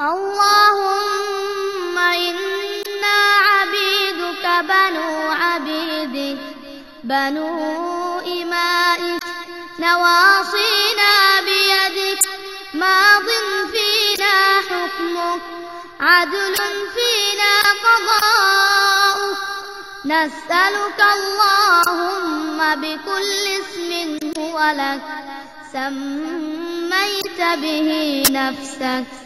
اللهم إنا عبيدك بنو عبيدك بنو إمائك نواصينا بيدك ماض فينا حكمك عدل فينا قضاؤك نسألك اللهم بكل اسم هو لك سميت به نفسك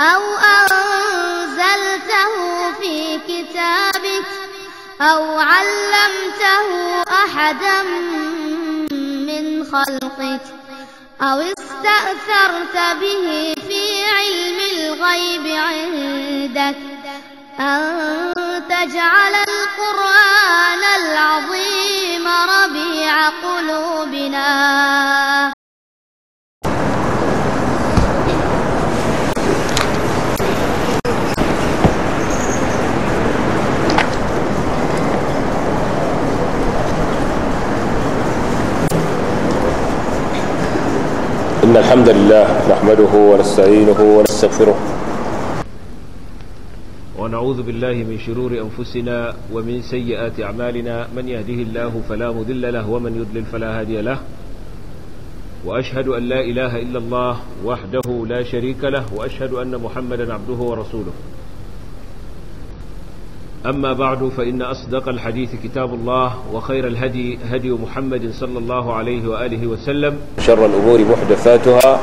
أو أنزلته في كتابك أو علمته أحدا من خلقك أو استأثرت به في علم الغيب عندك أن تجعل القرآن العظيم ربيع قلوبنا إن الحمد لله نحمده ونستعينه ونستغفره ونعوذ بالله من شرور أنفسنا ومن سيئات أعمالنا من يهده الله فلا مذل له ومن يضلل فلا هادي له وأشهد أن لا إله إلا الله وحده لا شريك له وأشهد أن محمدا عبده ورسوله أما بعد فإن أصدق الحديث كتاب الله وخير الهدي هدي محمد صلى الله عليه وآله وسلم شر الأمور محدثاتها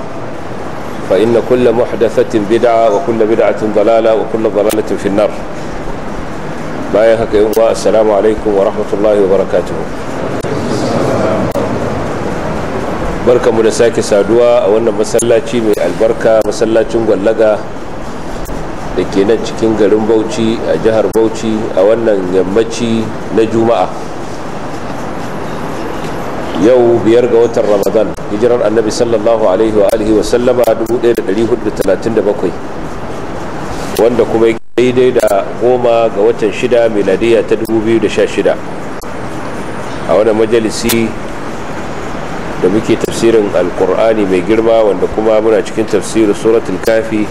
فإن كل محدثة بدعة وكل بدعة ضلالة وكل ضلالة في النار بايهك يوم السلام عليكم ورحمة الله وبركاته بركة مدساك سادوا أولا مسلاتي من البركة مسلاتي مغلقة da ke nan cikin garin bauchi a jihar bauchi a wannan yammaci na juma'a yau biyar ga watan ramadan hijirar annabi sallallahu alaihi wa alihi wasallama 1437 wanda kuma daidai da goma ga watan shida miladiya ta 2016 a wani majalisi da muke tafsirin alkur'ani mai girma wanda kuma muna cikin tafsirin suratul kafi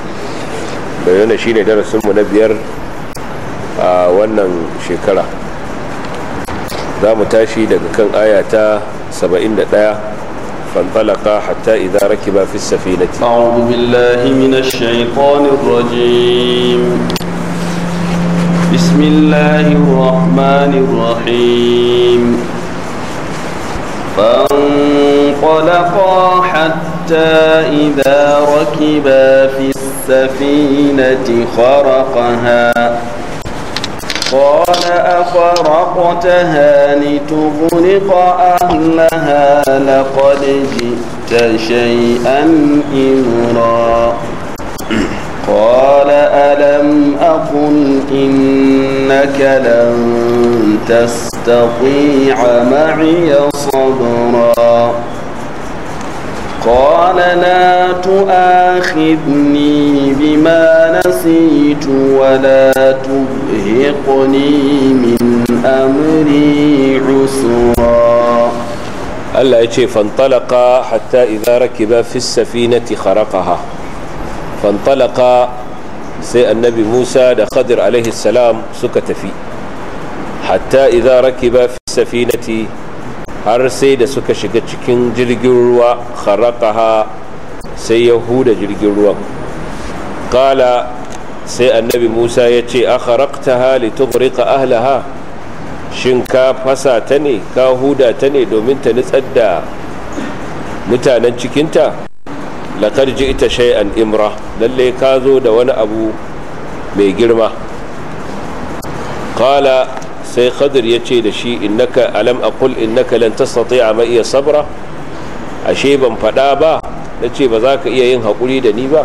da yana shine darasinmu na biyar a wannan shekara za mu tashi daga kan ayata ta 71 fanfalaka hatta raki ba fi safinati a'udhu billahi minash shaitanir rajim bismillahir فانطلقا حتى إذا ركبا في السفينة خرقها قال أخرقتها لتغرق أهلها لقد جئت شيئا إمرا قال ألم أقل إنك لن تستطيع معي صبرا قال لا تؤاخذني بما نسيت ولا ترهقني من أمري عسرا ألا يجي فانطلق حتى إذا ركب في السفينة خرقها فانطلق سي النبي موسى دا عليه السلام سكت فيه حتى إذا ركب في السفينة har sai da suka shiga cikin jirgin ruwa kharaqaha sai ya huda jirgin ruwan kala sai annabi Musa ya ce a kharaqtaha litughriqa ahlaha shin ka fasa ta ne ka huda ta ne domin ta nutsar da mutanen cikinta laqad ji'ta shay'an imra lalle ka zo da wani abu mai girma kala sai khadir ya ce da shi innaka alam aqul innaka lan tastati'a ma iya sabra ashe ban faɗa ba na ce ba za ka iya yin haƙuri da ni ba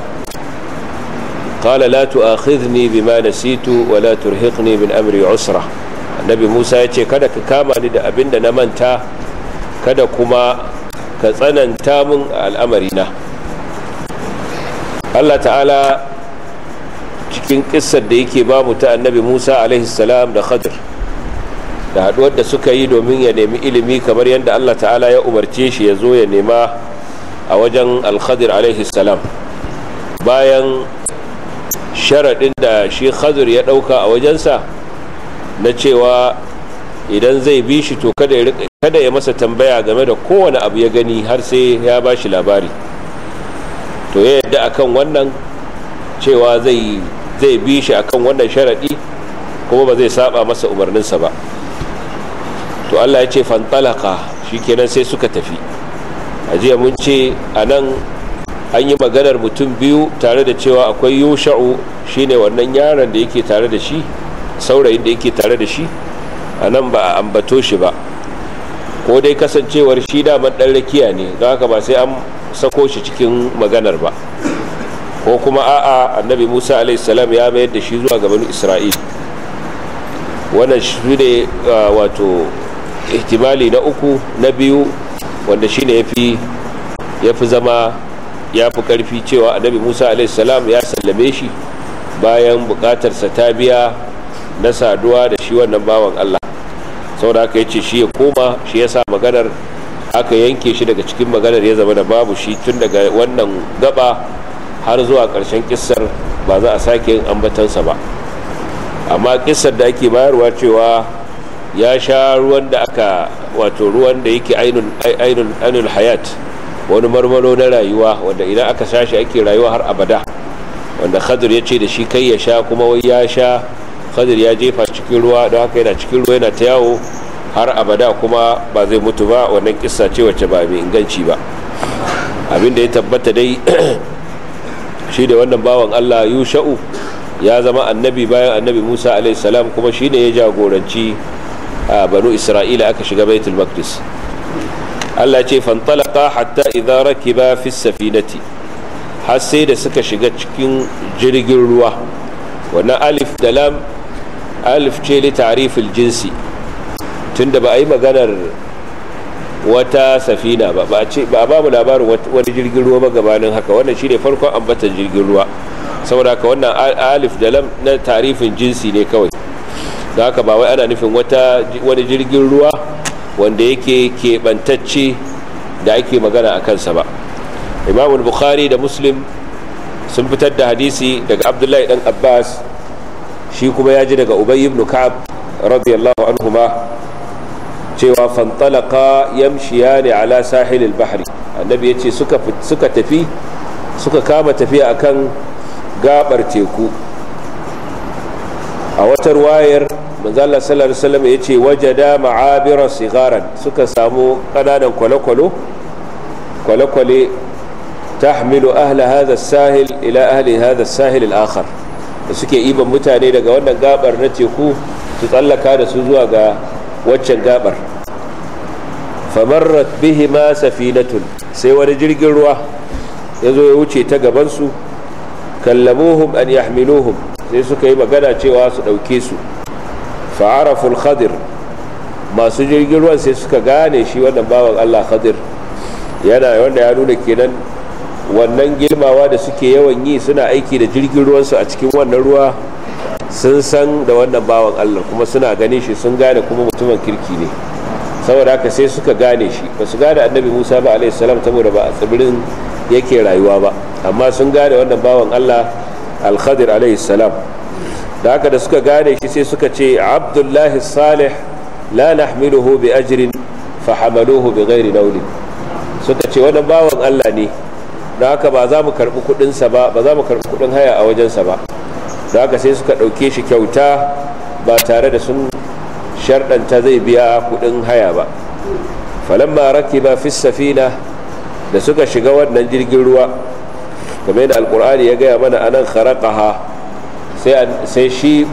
qala la tu'akhidhni bima nasitu wa la turhiqni min amri usra annabi Musa ya ce kada ka kama ni da abin da na manta kada kuma ka tsananta min al'amarina Allah ta'ala cikin kissar da yake bamu ta annabi Musa alaihi salam da Khadir da haduwar da suka yi domin ya nemi ilimi kamar yadda Allah ta'ala ya umarce shi ya zo ya nema a wajen alkhadir alaihi salam bayan sharaɗin da shi khadir ya ɗauka a wajensa na cewa idan zai bi shi to kada ya masa tambaya game da kowane abu ya gani har sai ya ba shi labari to ya yadda akan wannan cewa zai bi shi akan wannan sharaɗi kuma ba zai saba masa umarninsa ba Allah ya ce fantalaka kenan sai suka tafi a jiya mun ce a nan an yi maganar mutum biyu tare da cewa akwai yosha'u shine wannan yaron da yake tare da shi saurayin da yake tare da shi a nan ba a ambato shi ba ko dai kasancewar shi daman ɗan rakiya ne don haka ba sai an sako shi cikin maganar ba ko kuma a'a annabi musa alaihissalam ya mayar da shi zuwa gaban isra'il wannan shi ne ah, wato ihtimali na uku na biyu wanda shine ya fi zama ya fi karfi cewa annabi Musa a.s. ya sallame shi bayan bukatarsa ta biya na saduwa da shi wannan bawan Allah sau aka haka ce shi ya koma shi ya sa maganar aka yanke shi daga cikin maganar ya zama da babu shi tun daga wannan gaba har zuwa karshen kissar ba za a sake yin ambatansa ba amma kissar da ake bayarwa cewa ya sha ruwan da aka wato ruwan da yake ainihin hayat wani marmaro na rayuwa wanda idan aka sashi ake rayuwa har abada wanda khadir ya ce da shi kai ya sha kuma wai ya sha khadir ya jefa cikin ruwa don haka yana cikin ruwa yana ta yawo har abada kuma ba zai mutu ba wannan kissa ce wacce ba mai inganci ba abin da ya tabbata dai shi da wannan bawan allah yusha'u ya zama annabi bayan annabi musa alaihissalam kuma shi ya jagoranci a banu isra'ila aka shiga baitul maqdis Allah ce fantalaka hatta idza rakiba fi safinati har sai da suka shiga cikin jirgin ruwa wannan alif da lam alif ce li ta'rifil jinsi tunda ba a maganar wata safina ba ba ce ba ba mu labarin wani jirgin ruwa ba gabanin haka wannan shine farkon ambatan jirgin ruwa saboda haka wannan alif da lam na tarifin jinsi ne kawai da haka ba wai ana nufin wata wani jirgin ruwa wanda yake keɓantacce da ake magana a kansa ba imam bukhari da muslim sun fitar da hadisi daga abdullahi dan abbas shi kuma ya ji daga ubay ibn ka'ab radiyallahu anhuma cewa fantalaka yamshiyani ala sahilil bahri annabi yace suka suka tafi suka kama tafiya akan gabar teku a wata ruwayar manzo sallar sallallahu ya ce wajada ma'abirar sigaran suka samu kananan kwale-kwale kwale-kwale tahmilu ahla sahil ila ahli haza sahil al da suke iban mutane daga wannan gabar na teku su tsallaka da su zuwa ga waccan gabar famarrat ma safinatun sai wani jirgin ruwa ya zo ya wuce ta gabansu kallamuhum an yahmiluhum sai suka yi magana cewa su ɗauke su al khadir masu jirgin ruwan sai suka gane shi wannan bawan Allah khadir yana wanda ya nuna kenan wannan girmawa da suke yawan yi suna aiki da jirgin ruwansu a cikin wannan ruwa sun san da wannan bawan Allah kuma suna gane shi sun gane kuma mutumin kirki ne saboda haka sai suka gane shi ba su gane annabi musa ba alayhi salam saboda ba a tsibirin yake rayuwa ba amma sun gane wannan bawan Allah al-khadir alayhi salam da haka da suka gane shi sai suka ce abdullahi salih la nahmiluhu bi ajrin fa hamaluhu bi ghairi naulin suka ce wannan bawan Allah ne da haka ba za mu karbi kudin sa ba ba za mu karbi kudin haya a wajen sa ba da haka sai suka dauke shi kyauta ba tare da sun sharɗanta zai biya kudin haya ba falamma rakiba fi safina da suka shiga wannan jirgin ruwa kamar yadda alqur'ani ya gaya mana anan kharaqaha sai shi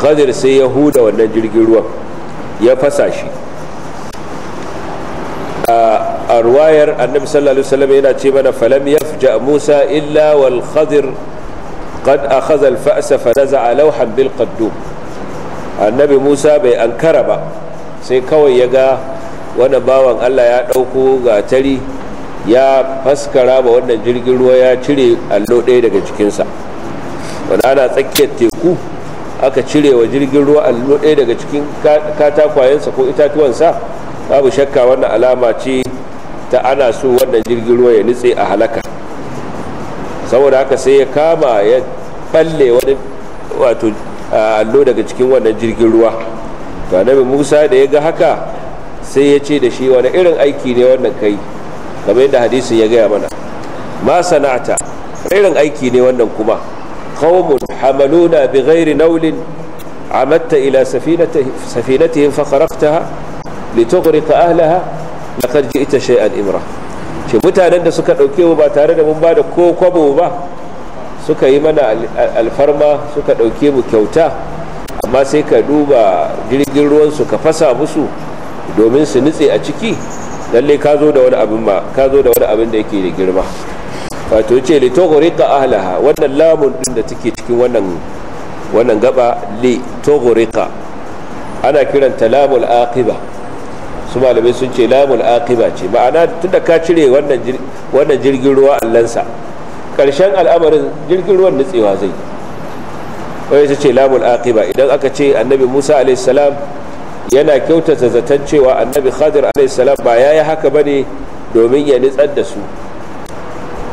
khadir sai ya huda wannan jirgin ruwan ya fasa shi a ruwayar annabi sallallahu alaihi wasallam yana ce mana falam yafja musa illa wal khadir qad akhadha al fa's fa naza'a lawhan bil qaddum annabi musa bai ankara ba sai kawai ya ga wanda bawan Allah ya dauko ga tari ya faskara ba wannan jirgin ruwa ya cire allo ɗaya daga cikinsa wani ana tsakiyar teku aka cire wa jirgin ruwa allo ɗaya daga cikin katakwayensa ko itatuwansa babu shakka wannan alama ce ta ana so wannan jirgin ruwa ya nutse a halaka saboda haka sai ya kama ya balle wani wato allo daga cikin wannan jirgin ruwa to annabi musa da ya ga haka sai ya ce da shi wani irin aiki ne wannan kai kamar yadda hadisin ya gaya mana ma sana'ata irin aiki ne wannan kuma qaumun hamaluna bighairi naulin amatta ila safinatihim fa kharaqtaha litughriqa ahlaha laqad ji'ta shay'an imra ce mutanen da suka dauke mu ba tare da mun ba da ko kwabo ba suka yi mana alfarma suka dauke mu kyauta amma sai ka duba jirgin ruwan su ka fasa musu domin su nutse a ciki lalle ka zo da wani abin da wani abin da yake da girma wato ce li tughriqa ahlaha wannan lamun din da take cikin wannan wannan gaba li tughriqa ana kiranta lamul aqiba su malamai sun ce lamul aqiba ce ma'ana tunda ka cire wannan wannan jirgin ruwa allansa karshen al'amarin jirgin ruwan nutsewa zai wai su ce lamul aqiba idan aka ce annabi Musa a.s. salam yana kyautata zaton cewa annabi Khadir a.s. salam ba yayi haka bane domin ya nitsar da su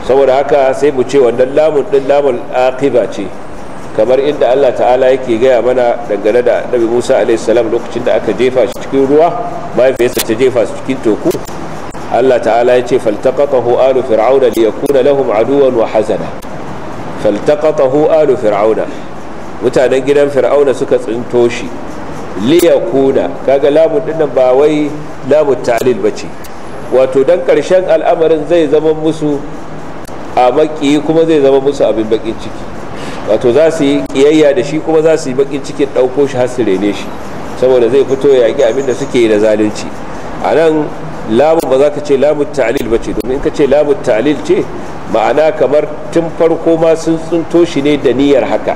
saboda haka sai mu ce wannan lamun din lamun aqiba ce kamar inda Allah ta'ala yake gaya mana dangane da Nabi Musa alaihi salam lokacin da aka jefa shi cikin ruwa mahaifiyarsa ta jefa shi cikin toku Allah ta'ala ya ce faltaqatahu alu fir'auna liyakuna lahum aduwan wa hazana faltaqatahu alu fir'auna mutanen gidan fir'auna suka tsinto shi liyakuna kaga lamun din nan ba wai lamun ta'lil bace wato dan karshen al'amarin zai zama musu a baki kuma zai zama musu abin bakin ciki wato za su yi kiyayya da shi kuma za su yi bakin cikin ɗauko shi har su rene shi saboda zai fito ya yaƙi abin da suke yi da zalunci a nan lamun ba za ka ce lamun talil ba ce domin ka ce lamun talil ce ma'ana kamar tun farko ma sun tsunto shi ne da niyyar haka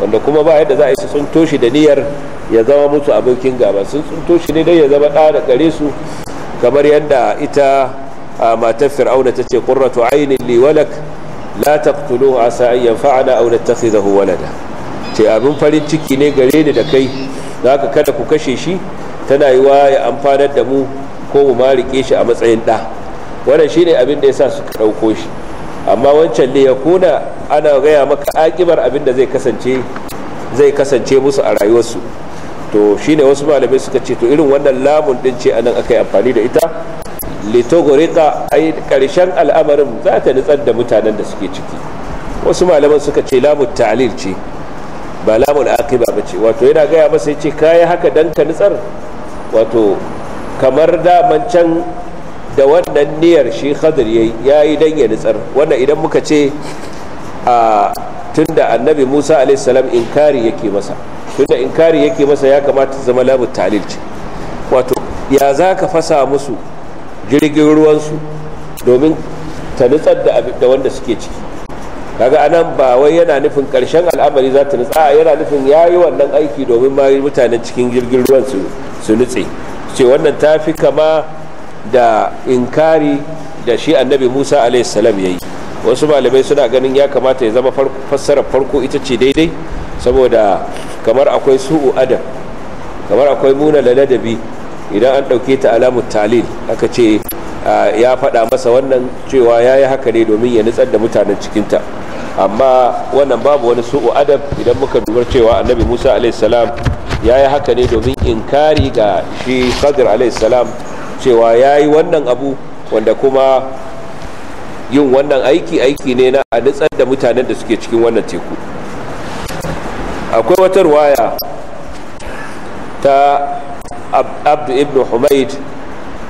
wanda kuma ba yadda za a yi su tsunto shi da niyyar ya zama musu abokin gaba sun tsunto shi ne dai ya zama ɗa da gare su kamar yadda ita matar fir'auna ta ce qurratu ainin li walak la taqtuluhu asa an yanfa'ana aw nattakhidahu walada ce abin farin ciki ne gare ni da kai zaka kada ku kashe shi tana yiwa ya amfanar da mu ko mu marike shi a matsayin ɗa wannan ne abin da yasa suka ɗauko shi amma wancan ne ya kuna ana gaya maka akibar abin da zai kasance zai kasance musu a rayuwarsu to ne wasu malamai suka ce to irin wannan lamun ɗin ce anan aka yi amfani da ita litogorika ai karshen al'amarin za ta nutsar da mutanen da suke ciki wasu malaman suka ce lamun ta'alil ce ba lamun akiba ba ce wato yana gaya masa ce kayi haka dan ka nutsar wato kamar daman can da wannan niyyar shi khadir yayi yayi dan ya nutsar wannan idan muka ce a tunda annabi Musa alaihi salam inkari yake masa tunda inkari yake masa ya kamata zama lamun ta'alil ce wato ya zaka fasa musu jirgin ruwansu domin ta nutsar da wanda suke ciki kaga anan ba wai yana nufin karshen al'amari za ta nutsa a yana nufin ya yi wannan aiki domin ma mutanen cikin jirgin ruwan su nutse ce wannan ta fi kama da inkari da shi annabi musa a.s. ya yi wasu malamai suna ganin ya kamata ya zama fassara farko ita ce daidai saboda kamar akwai su'u adam kamar akwai muna ladabi idan an ɗauke ta alamu talil aka ce ya faɗa masa wannan cewa ya yi haka ne domin ya nutsar da mutanen cikinta amma wannan babu wani su'u adab idan muka dubar cewa annabi musa alaihissalam ya yi haka ne domin in kari ga shi khadir alaihissalam cewa ya yi wannan abu wanda kuma yin wannan aiki aiki ne na a nutsar da mutanen da suke cikin wannan teku akwai wata ruwaya ta abdu ibn humaid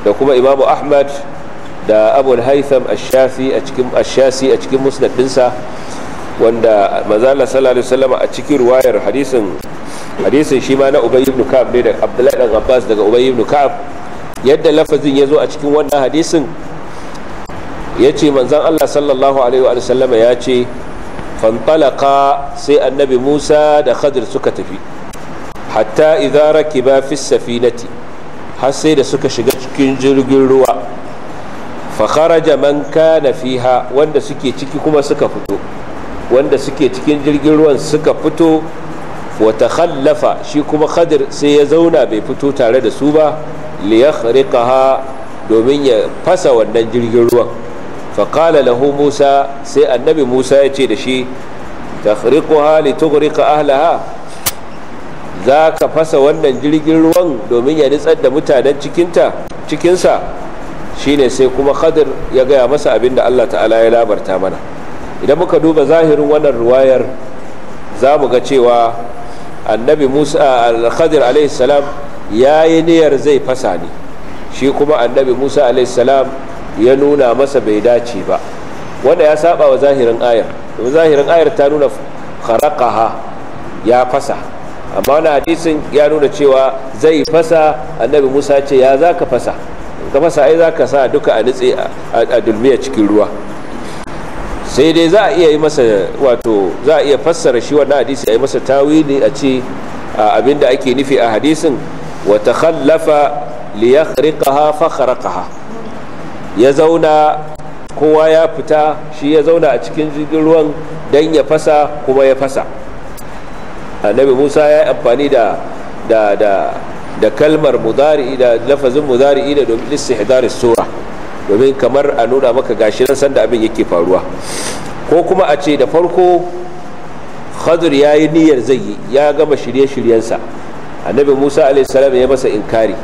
da kuma imamu ahmad da abul haitham ashasi a cikin musnad dinsa wanda mazala sallallahu alaihi wasallam a cikin ruwayar hadisin hadisin shi ma na ubay ibn ka'ab ne da abdullahi dan abbas daga ubay ibn ka'ab yadda lafazin ya zo a cikin wannan hadisin ya ce manzan allah sallallahu alaihi wa sallama ya ce fantalaka sai annabi musa da khadir suka tafi hatta idza rakiba fi safinati har sai da suka shiga cikin jirgin ruwa fa kharaja man kana fiha wanda suke ciki kuma suka fito wanda suke cikin jirgin ruwan suka fito wa takhallafa shi kuma khadir sai ya zauna bai fito tare da su ba li yakhriqaha domin ya fasa wannan jirgin ruwan fa qala lahu musa sai annabi musa ya ce da shi takhriquha li tughriqa ahlaha za ka fasa wannan jirgin ruwan domin ya nitsar da mutanen cikinsa shine sai kuma khadir ya gaya masa abin da allah ta'ala ya labarta mana idan muka duba zahirin wannan ruwayar za mu ga cewa annabi musa al-khadir salam ya yi niyyar zai fasa ne shi kuma annabi musa salam ya nuna masa bai dace ba wanda ya saba wa zahirin ayar zahirin ayar ta nuna kharaqaha ya fasa amma wani hadisin ya nuna cewa zai fasa annabi musa ce ya za ka fasa ka fasa ai za ka sa duka a nutse a dulmiya cikin ruwa sai dai za a iya yi masa wato za a iya fassara shi wannan hadisi a yi masa tawili a ce abinda ake nufi a hadisin wata takhallafa li yakhriqaha ya zauna kowa ya fita shi ya zauna a cikin jirgin ruwan dan ya fasa kuma ya fasa annabi musa ya yi amfani da da kalmar mudari'i da lafazin muzari'i da domin istihdaris sura domin kamar a nuna maka gashi nan sanda abin yake faruwa ko kuma a ce da farko khadir ya yi niyyar zai yi ya gama shirye-shiryensa annabi musa a.s. ya masa inkari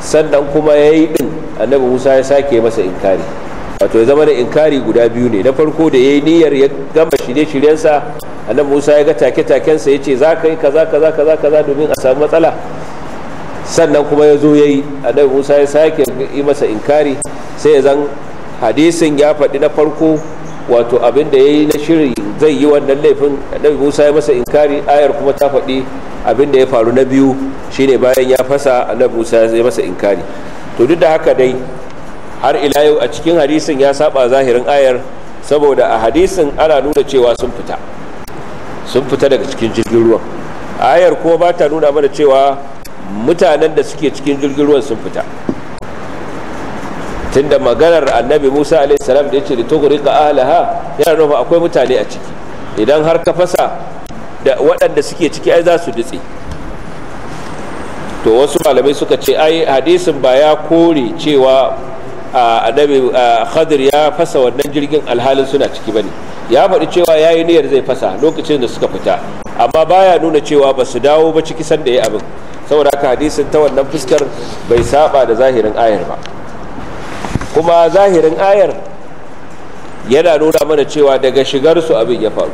sannan kuma ya yi din annabi musa ya sake masa inkari wato ya zama da inkari guda biyu ne na farko da ya yi niyyar ya gama shirye-shiryensa nan musa ya ga take-takensa ya ce za ka yi kaza kaza kaza kaza domin a samu matsala sannan kuma ya zo ya yi nan musa ya sake yi masa inkari sai ya zan hadisin ya faɗi na farko wato abin da ya yi na shiri zai yi wannan laifin nan musa ya masa inkari ayar kuma ta faɗi abin da ya faru na biyu shine bayan ya fasa nan musa ya masa inkari to duk da haka dai har ila yau a cikin hadisin ya saba zahirin ayar saboda a hadisin ana nuna cewa sun fita sun fita daga cikin jirgin ruwan ayar kuma ba ta nuna mana cewa mutanen da suke cikin jirgin ruwan sun fita tunda maganar annabi musa alaihissalam da ya ce da togorika ahalaha yana nufa akwai mutane a ciki idan har ka fasa da waɗanda suke ciki ai za su ditse to wasu malamai suka ce ai hadisin ba ya kore cewa a khadir ya fasa wannan jirgin alhalin suna ciki bane ya faɗi cewa ya yi niyyar zai fasa lokacin da suka fita amma baya nuna cewa ba su dawo ba ciki sanda ya abin saboda haka hadisin ta wannan fuskar bai saba da zahirin ayar ba kuma zahirin ayar yana nuna mana cewa daga shigar su abin ya faru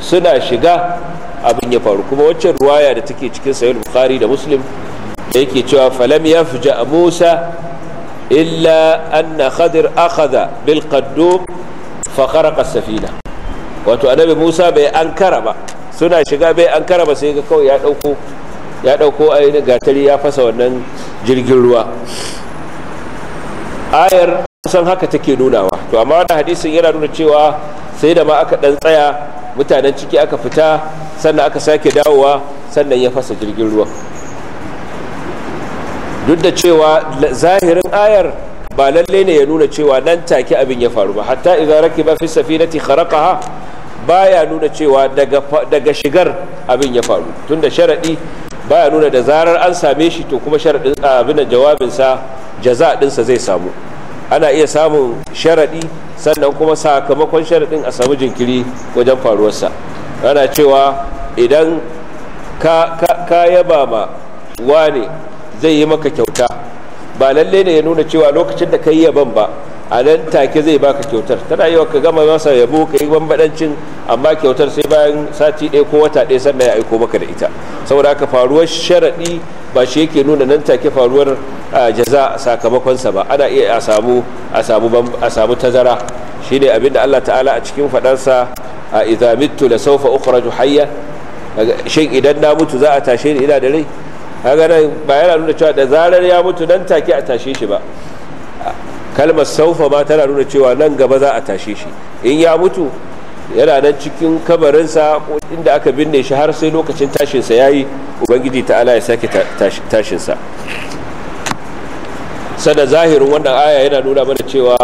suna shiga abin ya faru kuma waccan ruwaya da take cikin sahih bukhari da muslim da yake cewa falam yafja musa illa anna khadir akhadha bil qaddum fa wato annabi Musa bai ankara suna shiga bai ankara ba sai ga kawai ya dauko ya dauko ainihin gatari ya fasa wannan jirgin ruwa ayar kusan haka take nunawa to amma wannan hadisin yana nuna cewa sai da ma aka dan tsaya mutanen ciki aka fita sannan aka sake dawowa sannan ya fasa jirgin ruwa duk da cewa zahirin ayar ba lalle ne ya nuna cewa nan take abin ya faru ba hatta idza ba fi safinati kharaqaha baya nuna cewa daga daga shigar abin ya faru tunda sharadi baya nuna da zarar an same shi to kuma sharadin abin jawabin sa jaza din sa zai samu ana iya samun sharadi sannan kuma sakamakon sharadin a samu jinkiri wajen faruwarsa ana cewa idan ka ka, ka yaba ma wane zai yi maka kyauta ba lallai ne ya nuna cewa lokacin da kai yabon ba a nan take zai baka kyautar tana yi ka gama masa yabo ka yi bambadancin amma kyautar sai bayan sati ɗaya ko wata ɗaya sannan ya aiko maka da ita saboda haka faruwar sharaɗi ba shi yake nuna nan take faruwar jaza sakamakonsa ba ana iya a samu a samu a samu tazara shine abin da Allah ta'ala a cikin faɗarsa a idza mittu la sawfa ukhraju hayya shin idan na mutu za a tashe ni ina da rai kaga nan ba yana nuna cewa da zarar ya mutu nan take a tashe shi ba kalmar saufa ma tana nuna cewa nan gaba za a tashe shi in ya mutu yana nan cikin kabarinsa inda aka binne shi har sai lokacin tashinsa ya yi ubangiji ala ya sake tashinsa sada zahirin wannan aya yana nuna mana cewa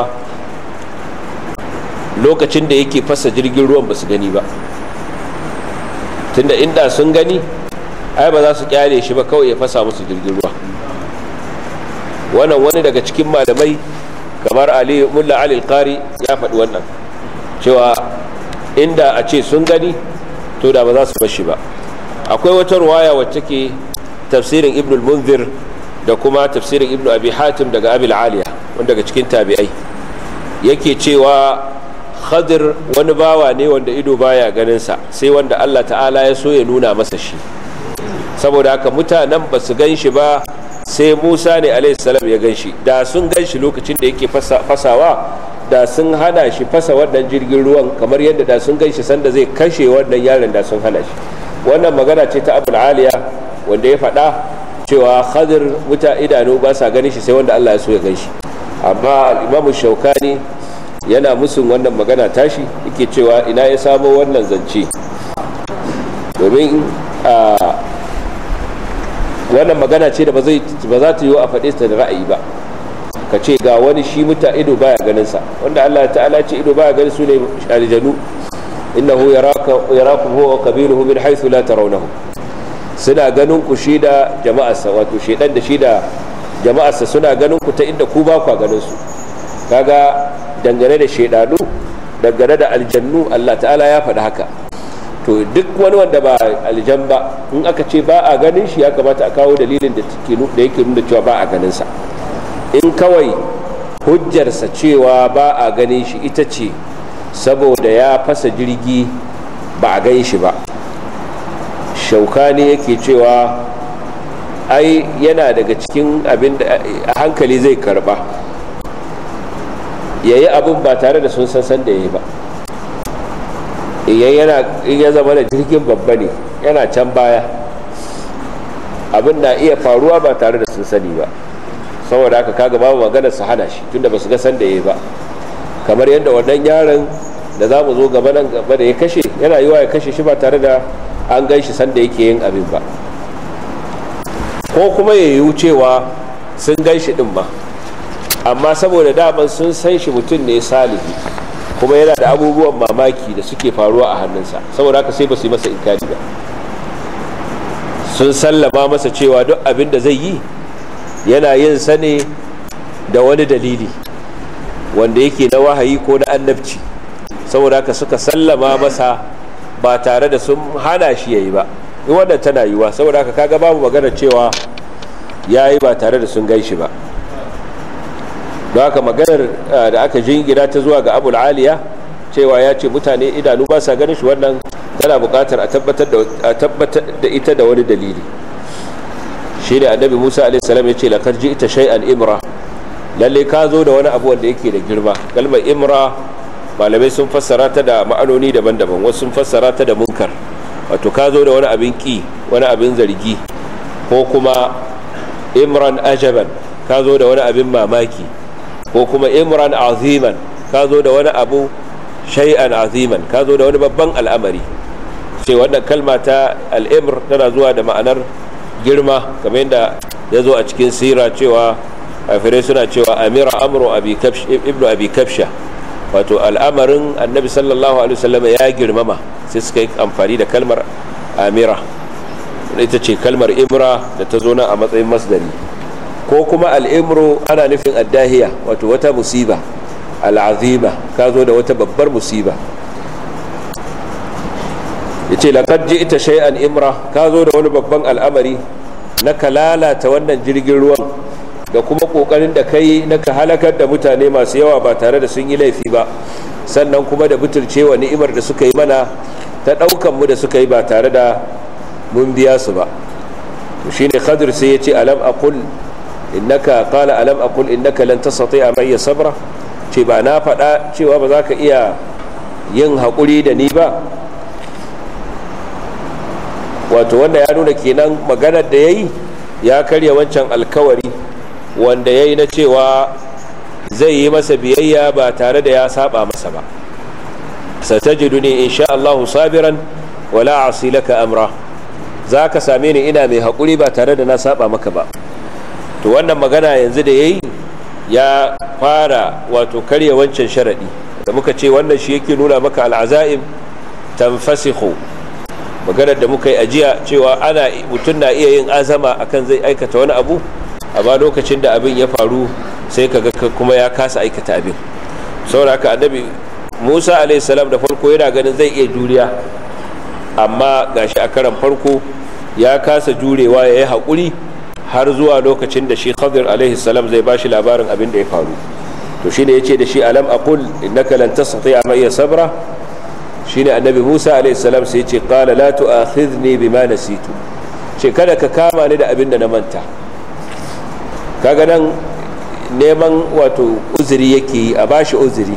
lokacin da yake fasa jirgin ruwan ba su gani ba tunda inda sun gani ai ba za su kyale shi ba kawai ya fasa musu jirgin ruwa wannan wani daga cikin malamai kamar ali mulla ali alqari ya faɗi wannan cewa inda a ce sun gani to da ba za su bashi ba akwai wata ruwaya wacce ke tafsirin ibn munzir da kuma tafsirin ibnu abi hatim daga abil aliya wanda daga cikin tabi'ai yake cewa khadir wani bawa ne wanda ido baya ganinsa sai wanda allah ta'ala ya so ya nuna masa shi saboda haka mutanen ba su gan shi ba sai musa ne salam ya gan shi da sun gan shi lokacin da yake fasawa da sun hana shi fasa wannan jirgin ruwan kamar yadda da sun gan shi sanda zai kashe wannan yaron da sun hana shi wannan magana ce ta abul aliya wanda ya faɗa cewa khadir wuta idanu ba sa ganin shi sai wanda allah ya so ya gan shi amma al'imamu shaukani yana musun wannan magana tashi yake cewa ina ya samo wannan zance domin a ah, wannan magana ce da ba za ta yi a faɗe ta da ra'ayi ba ka ce ga wani shi muta ido baya ganin sa wanda Allah ta'ala ce ido baya ganin su ne aljanu innahu yaraka yarakum huwa qabiluhu min haythu la tarawnahu suna ganin ku shi da sa wato shedan da shi da sa suna ganin ku ta inda ku ba ku ganin su kaga dangane da shedanu dangane da aljannu Allah ta'ala ya faɗi haka to duk wani wanda ba aljan ba in aka ce ba a ganin shi ya kamata a kawo dalilin da yake nuna cewa ba a ganin sa in kawai hujjarsa cewa ba a ganin shi ita ce saboda ya fasa jirgi ba a gan shi ba shaukani yake cewa ai yana daga cikin abin da hankali zai karba ya yi abin ba tare da sun san san da ya yi ba in ya zama da jirgin babba ne yana can baya abin na iya faruwa ba tare da sun sani ba saboda haka kaga babu magana su hana shi tunda ba su ga san da ya ba kamar yadda wannan yaron da za mu zo gaba nan gaba da ya kashe yana yiwa ya kashe shi ba tare da an gan shi sanda yake yin abin ba ko kuma ya yiwu cewa sun gan din ba amma saboda daman sun san shi mutum ne salihi kuma yana da abubuwan mamaki da suke faruwa a hannunsa saboda haka sai ba su yi masa inkari ba sun sallama masa cewa duk abin da zai yi yana yin sa ne da wani dalili wanda yake na wahayi ko na annabci saboda haka suka sallama masa ba tare da sun hana shi yayi ba in wannan tana yiwa saboda haka kaga babu magana cewa ya yi ba tare da sun gaishe ba don haka maganar da aka jingina ta zuwa ga abul aliya cewa ya ce mutane idanu ba sa ganin shi wannan tana bukatar a tabbatar da ita da wani dalili shi ne annabi musa a.s. ya ce lakar ji ita an imra lalle ka zo da wani abu wanda yake da girma kalmar imra malamai sun fassara ta da ma'anoni daban-daban wasu sun fassara ta da munkar wato ka zo da wani abin ki wani abin zargi ko kuma imran ajaban ka zo da wani abin mamaki ko kuma imran aziman ka zo da wani abu shay'an aziman ka zo da wani babban al'amari sai wannan kalma ta al'imr tana zuwa da ma'anar girma kamar yadda ya zo a cikin sira cewa fere suna cewa amira amro ibnu abi kafsha wato al'amarin annabi sallallahu alaihi wasallam ya girmama sai suka yi amfani da kalmar amira ita ce kalmar imra da ta zo nan a matsayin masdari ko kuma al'imru ana nufin addahiya wato wata musiba al'azima ka zo da wata babbar musiba ya ce laƙar ji ita shai imra ka zo da wani babban al'amari na ka lalata wannan jirgin ruwan da kuma ƙoƙarin da kai na ka halakar da mutane masu yawa ba tare da sun yi laifi ba sannan kuma da butulcewa ni'imar da suka yi mana ta ɗaukan mu da suka yi ba tare da mun biya su ba shi ne khadir sai ya ce alam aqul innaka qala alam aqul innaka lan tastati'a mayya sabra ce ba na faɗa cewa ba za ka iya yin haƙuri da ni ba wato wanda ya nuna kenan maganar da ya yi ya karya wancan alkawari wanda ya yi na cewa zai yi masa biyayya ba tare da ya saba masa ba satajidu ne insha Allahu sabiran wala asilaka amra za ka same ni ina mai haƙuri ba tare da na saba maka ba to wannan magana yanzu da ya yi ya fara wato karya wancan sharaɗi da muka ce wannan shi yake nuna maka al'aza'im tanfasihu maganar da muka yi ajiya cewa ana mutum na iya yin azama akan zai aikata wani abu amma lokacin da abin ya faru sai kaga kuma ya kasa aikata abin saboda haka annabi Musa alayhi salam da farko yana ganin zai iya juriya amma gashi a karan farko ya kasa jurewa ya yi haƙuri har zuwa lokacin da shi khadir alaihi salam zai bashi labarin abin da ya faru to shine yace da shi alam aqul innaka lan tastati'a ma ya sabra shine annabi Musa alaihi salam sai yace qala la tu'akhidhni bima nasitu ce kada ka kama ni da abin da na manta kaga nan neman wato uzuri yake yi a bashi uzuri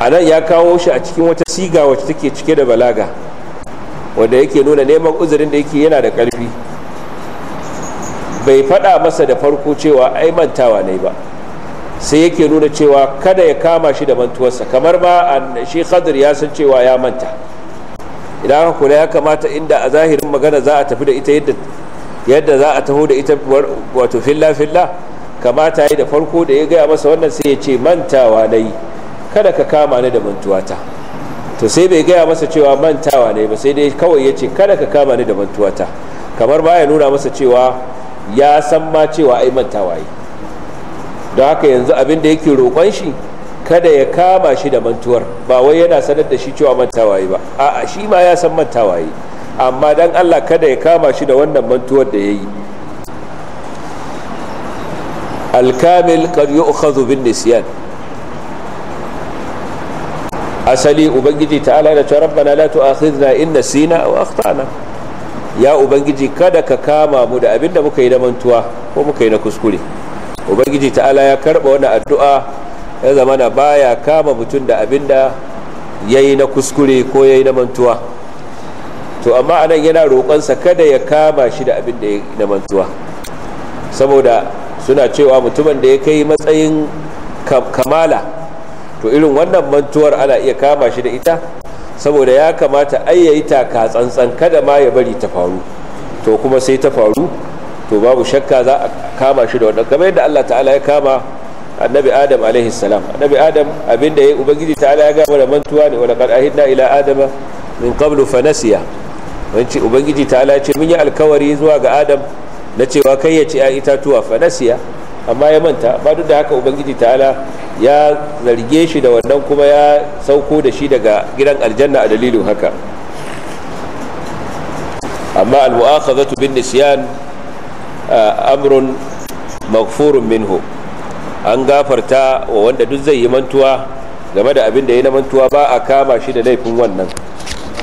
a nan ya kawo shi a cikin wata siga wacce take cike da balaga wanda yake nuna neman uzurin da yake yana da ƙarfi bai fada masa da farko cewa ai mantawa ne ba sai yake nuna cewa kada ya kama shi da mantuwarsa kamar ma shi khadir ya san cewa ya manta idan aka kula ya kamata inda a zahirin magana za a tafi da ita yadda yadda za a taho da ita wato filla filla kamata yi da farko da ya gaya masa wannan sai ya ce mantawa na yi kada ka kama ni da mantuwata to sai bai gaya masa cewa mantawa ne ba sai dai kawai ya ce kada ka kama ni da mantuwata kamar ba ya nuna masa cewa ya san ma cewa ai manta waye don haka yanzu abin da yake roƙon shi kada ya kama shi da mantuwar ba wai yana sanar da shi cewa mantawa ba a'a shi ma ya san mantawa amma dan Allah kada ya kama shi da wannan mantuwar da yayi alkamil qad yu'khadhu bin nisyan asali ubangiji ta'ala da ta rabbana la ina in nasina aw akhtana ya ubangiji kada ka kama mu da abinda muka yi na mantuwa ko muka yi na kuskure ubangiji ta'ala ya karba wani addu'a ya zama na baya kama mutum da abinda ya yi na kuskure ko ya yi na mantuwa to amma anan yana roƙonsa kada ya kama shi da abinda ya yi na mantuwa saboda suna cewa mutumin da ya kai matsayin kamala to irin wannan mantuwar ana iya kama shi da ita saboda ya kamata ai ta taka tsantsan kada ma ya bari ta faru to kuma sai ta faru to babu shakka za a kama shi da wannan kamar yadda Allah ta'ala ya kama annabi adam alaihi salam annabi adam abinda ya ubangiji ta'ala ya gama da mantuwa ne wala qad ahidna ila adama min qablu fa nasiya wanci ubangiji ta'ala ya ce mun yi alkawari zuwa ga adam na cewa kai ya ci a itatuwa fa nasiya amma ya manta ba duk da haka ubangiji ta'ala ya zarge shi da wannan kuma ya sauko da shi daga gidan aljanna a dalilin haka amma al-mu'akhazatu bin nisyan amrun maghfurun minhu an gafarta wa wanda duk zai yi mantuwa game da abin da ya na mantuwa ba a kama shi da laifin wannan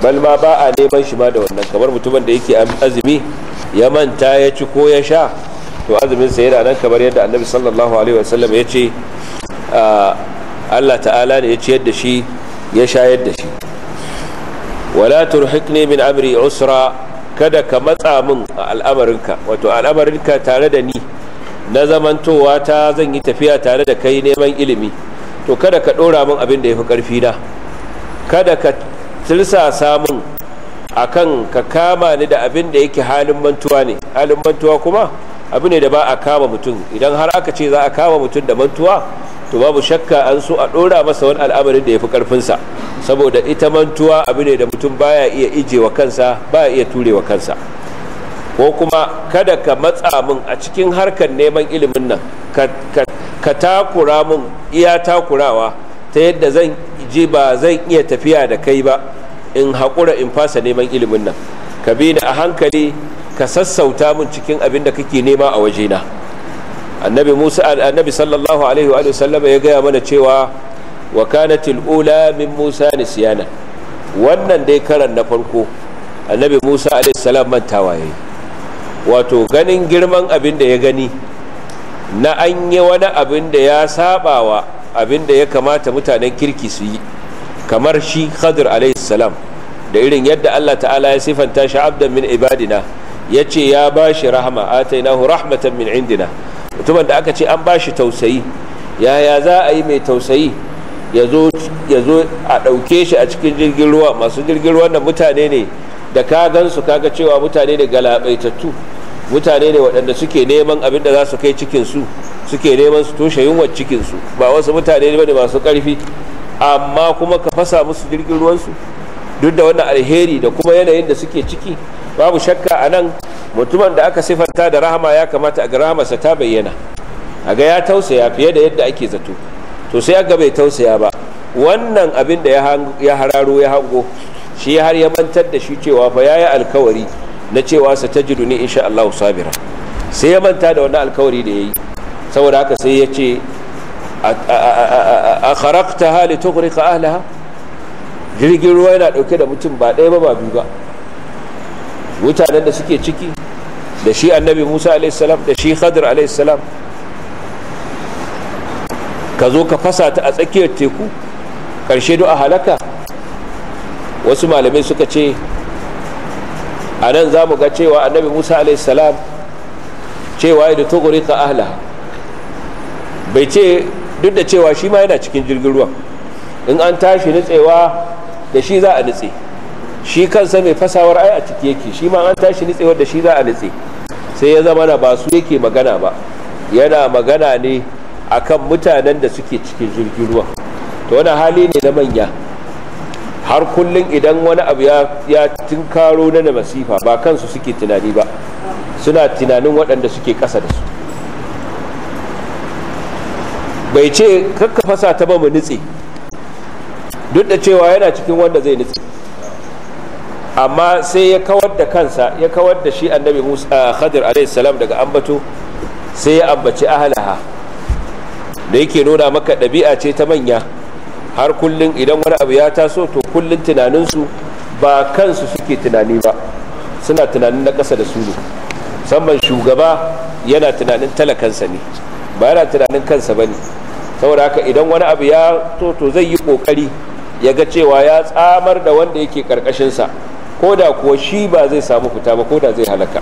bal ba a neman shi ma da wannan kamar mutumin da yake azumi ya manta ya ci ko ya sha to azumin sa yana nan kamar yadda annabi sallallahu alaihi wasallam ya ce Allah ta'ala ne ya ciyar da shi ya shayar da shi wala turhiqni min amri usra kada ka matsa min al'amarinka wato al'amarinka tare da ni na zamantowa ta zan yi tafiya tare da kai neman ilimi to kada ka ɗora min abin da ya fi ƙarfi na kada ka tilsa samun akan ka kama ni da abin da yake halin mantuwa ne halin mantuwa kuma abu ne da ba a kama mutum idan har aka ce za a kama mutum da mantuwa to babu shakka an so a dora masa wani al'amarin da ya fi karfinsa saboda ita mantuwa abu ne da mutum baya iya ije wa kansa baya iya ture wa kansa ko kuma kada ka matsa mun a cikin harkar neman ilimin nan ka takura min iya takurawa ta yadda zan ji ba zan iya tafiya da kai ba in haƙura in fasa neman ilimin nan ka bi ni a hankali ka sassauta mun cikin abin da kake nema a wajena. na annabi musa annabi sallallahu alaihi wa sallama ya gaya mana cewa wa kanatil ula min musa nisyana wannan dai karan na farko annabi musa alaihi salam mantawa yayi wato ganin girman abin da ya gani na an yi wani abin da ya sabawa abin da ya kamata mutanen kirki su yi kamar shi khadir alaihi salam da irin yadda Allah ta'ala ya sifanta shi abdan min ibadina ya ce ya ba shi rahama atainahu rahmatan min indina mutumin da aka ce an ba shi tausayi yaya za a yi mai tausayi ya zo a ɗauke shi a cikin jirgin ruwa masu jirgin ruwan da mutane ne da ka gansu kaga cewa mutane ne galabaitattu mutane ne waɗanda suke neman abin da za su kai cikinsu suke neman su toshe yunwar cikinsu ba wasu mutane ne masu ƙarfi amma kuma ka fasa musu jirgin ruwansu duk da wannan alheri da kuma yanayin da suke ciki babu shakka a nan mutumin da aka sifanta da rahama ya kamata a ga rahamarsa ta bayyana a ga ya tausaya fiye da yadda ake zato to sai aga bai tausaya ba wannan abin da ya hararo ya hango shi har ya mantar da shi cewa fa yayi alkawari na cewa sa jidu ni insha Allah sabira sai ya manta da wannan alkawari da yayi saboda haka sai ya ce a kharaqtaha li tughriqa ahliha jirgin ruwa yana dauke da mutum ba ɗaya ba ba biyu ba mutanen da suke ciki da shi annabi musa alaihissalam da shi khadir alaihissalam ka zo ka fasa ta a tsakiyar teku ƙarshe do a halaka wasu malamai suka ce a nan za mu ga cewa annabi musa alaihissalam cewa da togori ka ahla bai ce duk da cewa shi ma yana cikin jirgin ruwan in an tashi nutsewa da shi za a nutse shi kansa mai fasawar ai a ciki yake shi ma an tashi nitsewar da shi za a nitse sai ya zama na ba su yake magana ba yana magana ne akan mutanen da suke cikin jirgin ruwa to wani hali ne na manya har kullum idan wani abu ya tinkaro na masifa ba kansu suke tunani ba suna tunanin waɗanda suke ƙasa da su bai ce kakka fasa ta ba mu nitse duk da cewa yana cikin wanda zai nitse amma sai ya kawar da kansa ya kawar da shi annabi musa khadir salam daga ambato sai ya ambaci ahalaha da yake nuna maka ɗabi'a ce ta manya har kullum idan wani abu ya taso to kullum tunaninsu ba kansu suke tunani ba suna tunanin na ƙasa da su ne shugaba yana tunanin talakansa ne ba yana tunanin kansa ba ne saboda haka idan wani abu ya to to zai yi ƙoƙari ya ga cewa ya tsamar da wanda yake ƙarƙashinsa ko da kuwa shi ba zai samu fita ba ko da zai halaka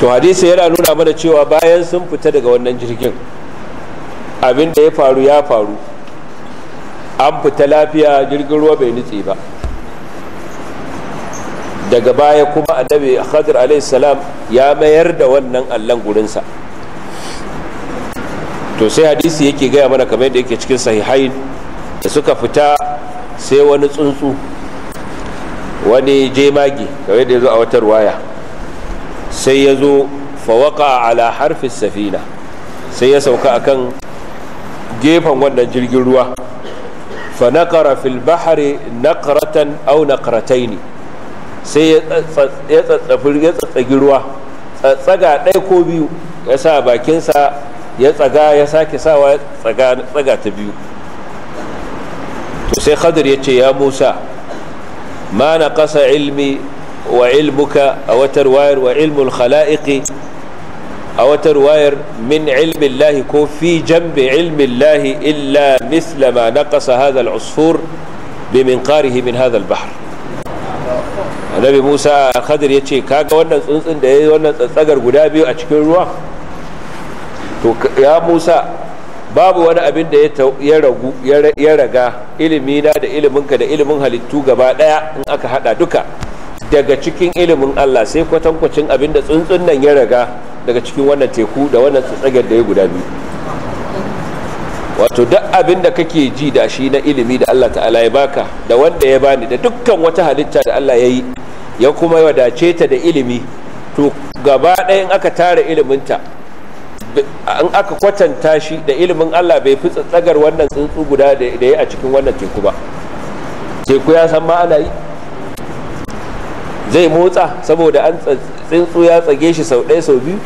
to hadisi yana nuna mana cewa bayan sun fita daga wannan jirgin abin da ya faru ya faru an fita lafiya jirgin ruwa bai nutse ba daga baya kuma annabi khadir salam ya mayar da wannan allon gurinsa to sai hadisi yake gaya mana kamar yadda yake cikin sahihain da suka fita sai wani tsuntsu wani jemage game da ya zo a wata ruwaya sai ya zo fawaka ala harfin safina sai ya sauka a kan gefen wannan jirgin ruwa fa fanakara fil bahari karatan au ne sai ya tsatsafi ruwa tsatsaga ɗaya ko biyu ya sa bakinsa ya tsaga ya sake sawa ya tsaga ta biyu sai khadir ya ce ya musa ma na ƙasa ilmi wa ilmuka a watar wayar wa ilmul khala'iqi a watar wayar min ilmin lahi ko fi jambe ilmin lahi illa misla ma na ƙasa hadal usfur bi min ƙarihi min hadal bahar annabi musa khadir ya ce kaga wannan tsuntsun da ya yi wannan tsatsagar guda biyu a cikin ruwa to ya musa babu wani abin da ya ragu ya raga ilimina da iliminka da ilimin halittu gaba daya in aka hada duka daga cikin ilimin Allah sai kwatankwacin abin da tsuntsun nan ya raga daga cikin wannan teku da wannan tsagen da ya guda biyu wato duk abin da kake ji da shi na ilimi da Allah ta'ala ya baka da wanda ya bani da dukkan wata halitta da Allah ya yi ya kuma wadace ta da ilimi to gaba ɗaya in aka tara iliminta an aka kwatanta shi da ilimin Allah bai fi tsagar wannan tsuntsu guda da ya a cikin wannan teku ba teku ya san ma ana yi zai motsa saboda an tsuntsu ya tsage shi sau ɗaya sau biyu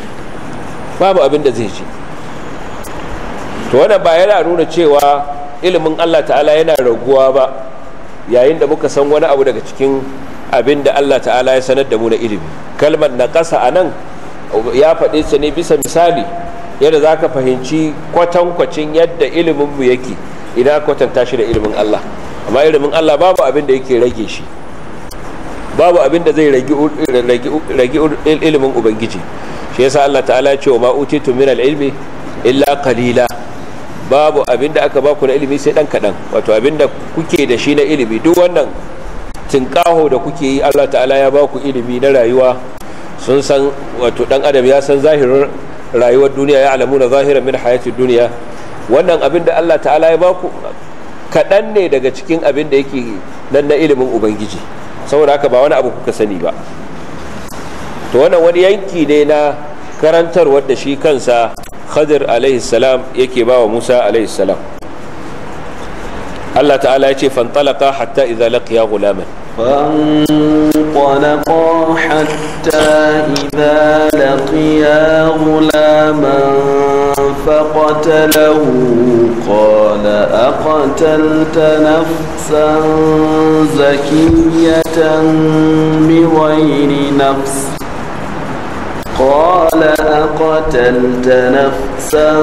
babu abin da zai ci to wannan ba yana nuna cewa ilimin Allah ta'ala yana raguwa ba yayin da muka san wani abu daga cikin abin da Allah ta'ala ya sanar da mu na ilimi kalmar na ƙasa a nan ya faɗi ta ne bisa misali yadda za ka fahimci kwatankwacin yadda iliminmu yake idan kwatanta shi da ilimin Allah amma ilimin Allah babu abin da yake rage shi babu abin da zai rage ilimin ubangiji shi yasa Allah ta'ala ce wa ma utitu min al-ilmi illa qalila babu abin da aka baku na ilimi sai dan kadan wato abin da kuke da shi na ilimi duk wannan tinkaho da kuke yi Allah ta'ala ya baku ilimi na rayuwa sun san wato dan adam ya san zahirin rayuwar duniya ya na zahiran min hayatid duniya wannan abin da Allah ta'ala ya baku kaɗan ne daga cikin abin da yake nan na ilimin ubangiji saboda haka ba wani abu kuka sani ba to wannan wani yanki ne na karantar da shi kansa khadir alaihi salam yake ba wa musa alaihi salam الله تعالى ya فانطلقا حتى إذا لقيا غلاما فانطلقا حتى إذا لقيا غلاما فقتله قال أقتلت نفسا زكية بغير نفس قال أقتلت نفسا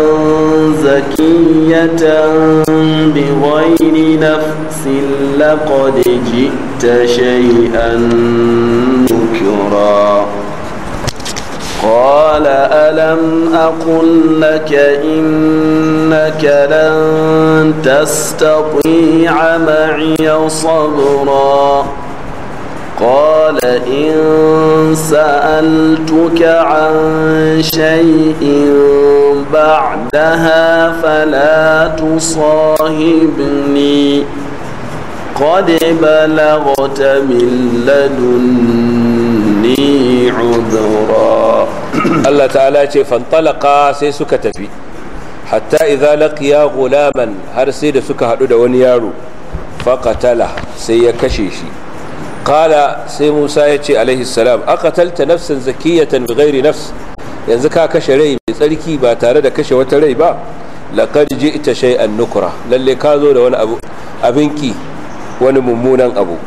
زكية بغير نفس لقد جئت شيئا نكرا قال ألم أقل لك إنك لن تستطيع معي صبرا قال إن سألتك عن شيء بعدها فلا تصاحبني قد بلغت من لدني عذرا الله تعالى فانطلقا سي سكتفي حتى إذا لقيا غلاما هرسيد سكهد دون يارو فقتله سيكشيشي qala sai musa ya ce alaihi salam aqatalta nafsan zakiyatan bighairi nafs yanzu ka kashe rai mai tsarki ba tare da kashe wata rai ba laqad ji'ta shay'an nukra lalle ka zo da wani abu abinki wani mummunan abu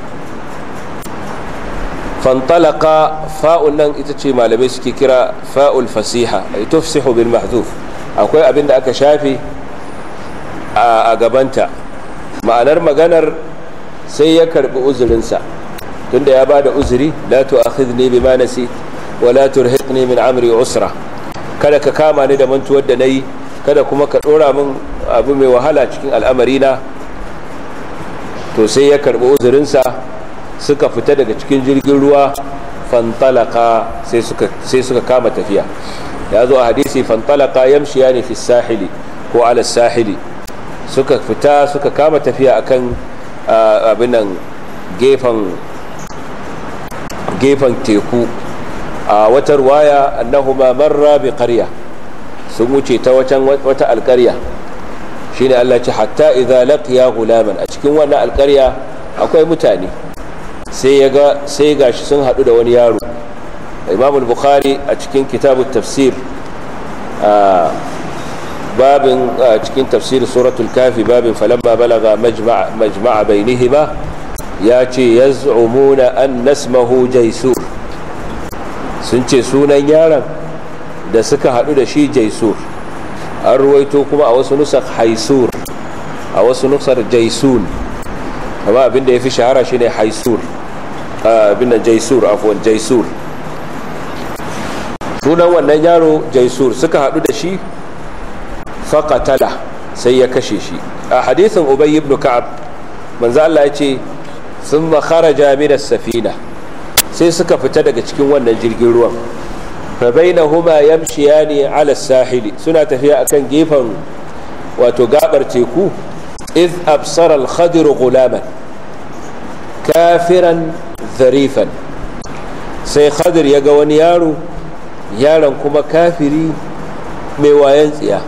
fantalaka fa'un nan ita ce malamai suke kira fa'ul fasiha ay tufsihu bil mahzuf akwai abin da aka shafe a gabanta ma'anar maganar sai ya karbi uzurinsa tunda ya bada uzuri la tu'akhidni bima nasi wa la turhiqni min amri usra kada ka kama ni da mantuwar da nayi kada kuma ka dora min abu mai wahala cikin al'amari na to sai ya karbi uzurinsa suka fita daga cikin jirgin ruwa fantalaka sai suka sai suka kama tafiya ya zo a hadisi fantalaka yamshi ne fi sahili ko ala sahili suka fita suka kama tafiya akan ah, nan gefen gefen teku a wata ruwaya annahuma marra bi qarya sun wuce ta wacan wata alƙarya shine Allah ce hatta idza laqiya gulaman a cikin wannan alƙarya akwai mutane sai ya ga sai gashi sun hadu da wani yaro Imam al-Bukhari a cikin kitabut tafsir babin cikin tafsir suratul kafi babin falamma balaga majma'a majma'a bainihima ya ce yaz'umuna an nasmahu jaisur sun ce sunan yaron da suka haɗu da shi jaisur an ruwaito kuma a wasu nusar haisur a wasu nusar jaisun kama abinda ya fi shahara ne haisur ah, abinda jaisur afuwan jaisur sunan wannan yaro jaisur suka haɗu da shi faƙatala sai ya kashe shi a hadisin ubayi ibn ka'ab manzo Allah ya ce sun makara jami'ar safina sai suka fita daga cikin wannan jirgin ruwan fabaina huma yamshiya ne ala sahili suna tafiya akan gefen wato gabar teku iz absara al-khadir gulaman kafiran zarifan sai khadir ya ga wani yaro yaron kuma kafiri mai wayan tsiya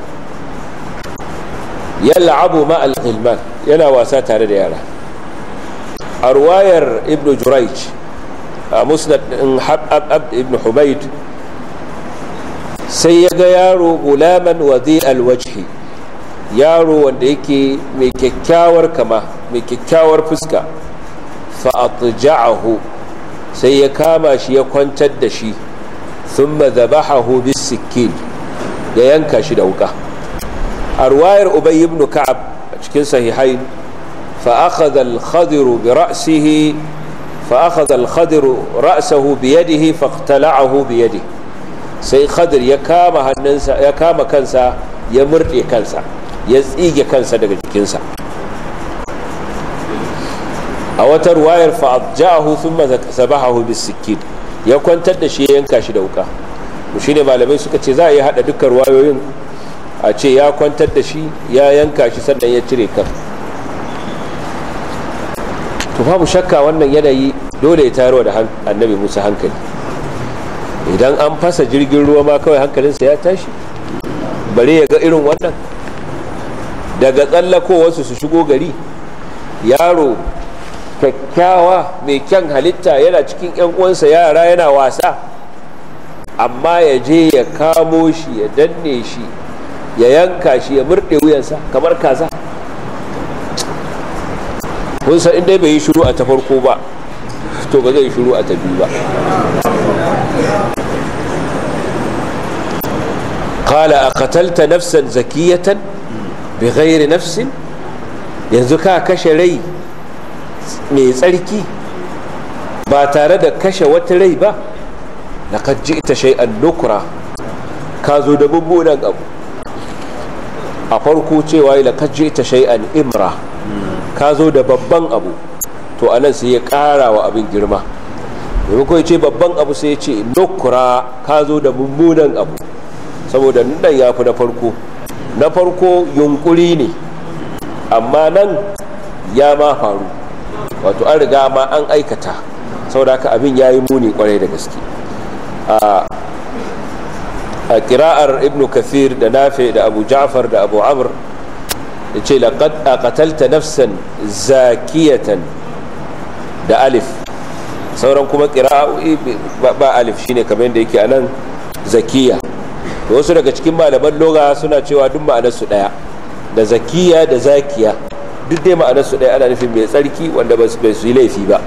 yal'abu ma al yana wasa tare da yara a ruwayar ibn a musnad din abd ibn hubaid sai ya ga yaro gulaman wazi alwajhi yaro wanda yake mai kyakkyawar kama mai kyakkyawar fuska fa'atja'ahu sai ya kama shi ya kwantar da shi thumma dhabahahu bisikin ya yanka shi da wuka a ruwayar ubay ibn ka'ab a cikin sahihain فأخذ الخضر برأسه فأخذ الخضر رأسه بيده فاقتلعه بيده sai khadir ya kama hannunsa ya kansa ya murɗe kansa ya tsige kansa daga jikinsa a wata ruwayar fa'ajahu thumma sabahahu ya kwantar da shi ya yanka shi da wuka shine malamai suka ce za a yi hada dukkan wayoyin a ce ya kwantar da shi ya yanka shi sannan ya cire kan ku babu shakka wannan yanayi dole ya tayarwa da annabi musa hankali idan an fasa jirgin ruwa ma kawai hankalinsa ya tashi bare ya ga irin wannan daga tsallakowarsu su shigo gari yaro kyakkyawa mai kyan halitta yana cikin 'yan uwansa yara yana wasa amma ya je ya kamo shi ya danne shi ya yanka shi ya murɗe wuyansa kamar kaza kun san inda bai yi shuru a ta farko ba to ba zai shuru a ta biyu ba kala akatalta nafsan zakiyatan bighairi nafsin yanzu ka kashe rai mai tsarki ba tare da kashe wata rai ba laqad ji'ta shay'an nukra ka zo da mummunan abu a farko cewa laqad ji'ta shay'an imra ka zo da babban abu to anan sai ya kara wa abin girma yau ya ce babban abu sai ya ce nukura ka zo da mummunan abu saboda nan ya fi na farko na farko yunkuri ne amma nan ya ma faru wato an riga ma an aikata saboda haka abin ya yi muni kwarai da gaske a kira'ar ibn kathir da nafe da abu ja'far da abu amur yace laqad aqatalta nafsan zakiyatan da alif sauran kuma qira'o'i ba alif shine kamar yadda yake nan zakiya wasu daga cikin malaman loga suna cewa duk ma'anar su daya da zakiya da zakiya duk dai ma'anar su daya ana nufin mai tsarki wanda ba su yi laifi ba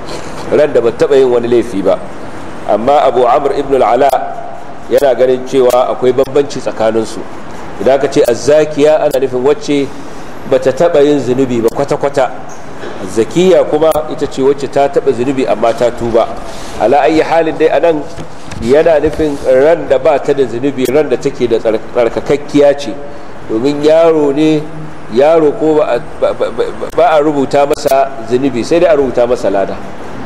ran da ba taba yin wani laifi ba amma abu amur ibn al'ala yana ganin cewa akwai bambanci tsakaninsu idan ka ce zakiya ana nufin wacce bata taba yin zunubi ba kwata-kwata zakiya kuma ita ce wacce ta taba zunubi amma ta tuba ala ayi halin dai anan yana nufin ran da ba ta da zunubi ran da take da tsarkakakkiya ce domin yaro ne yaro ko ba a rubuta masa zunubi sai dai a rubuta masa lada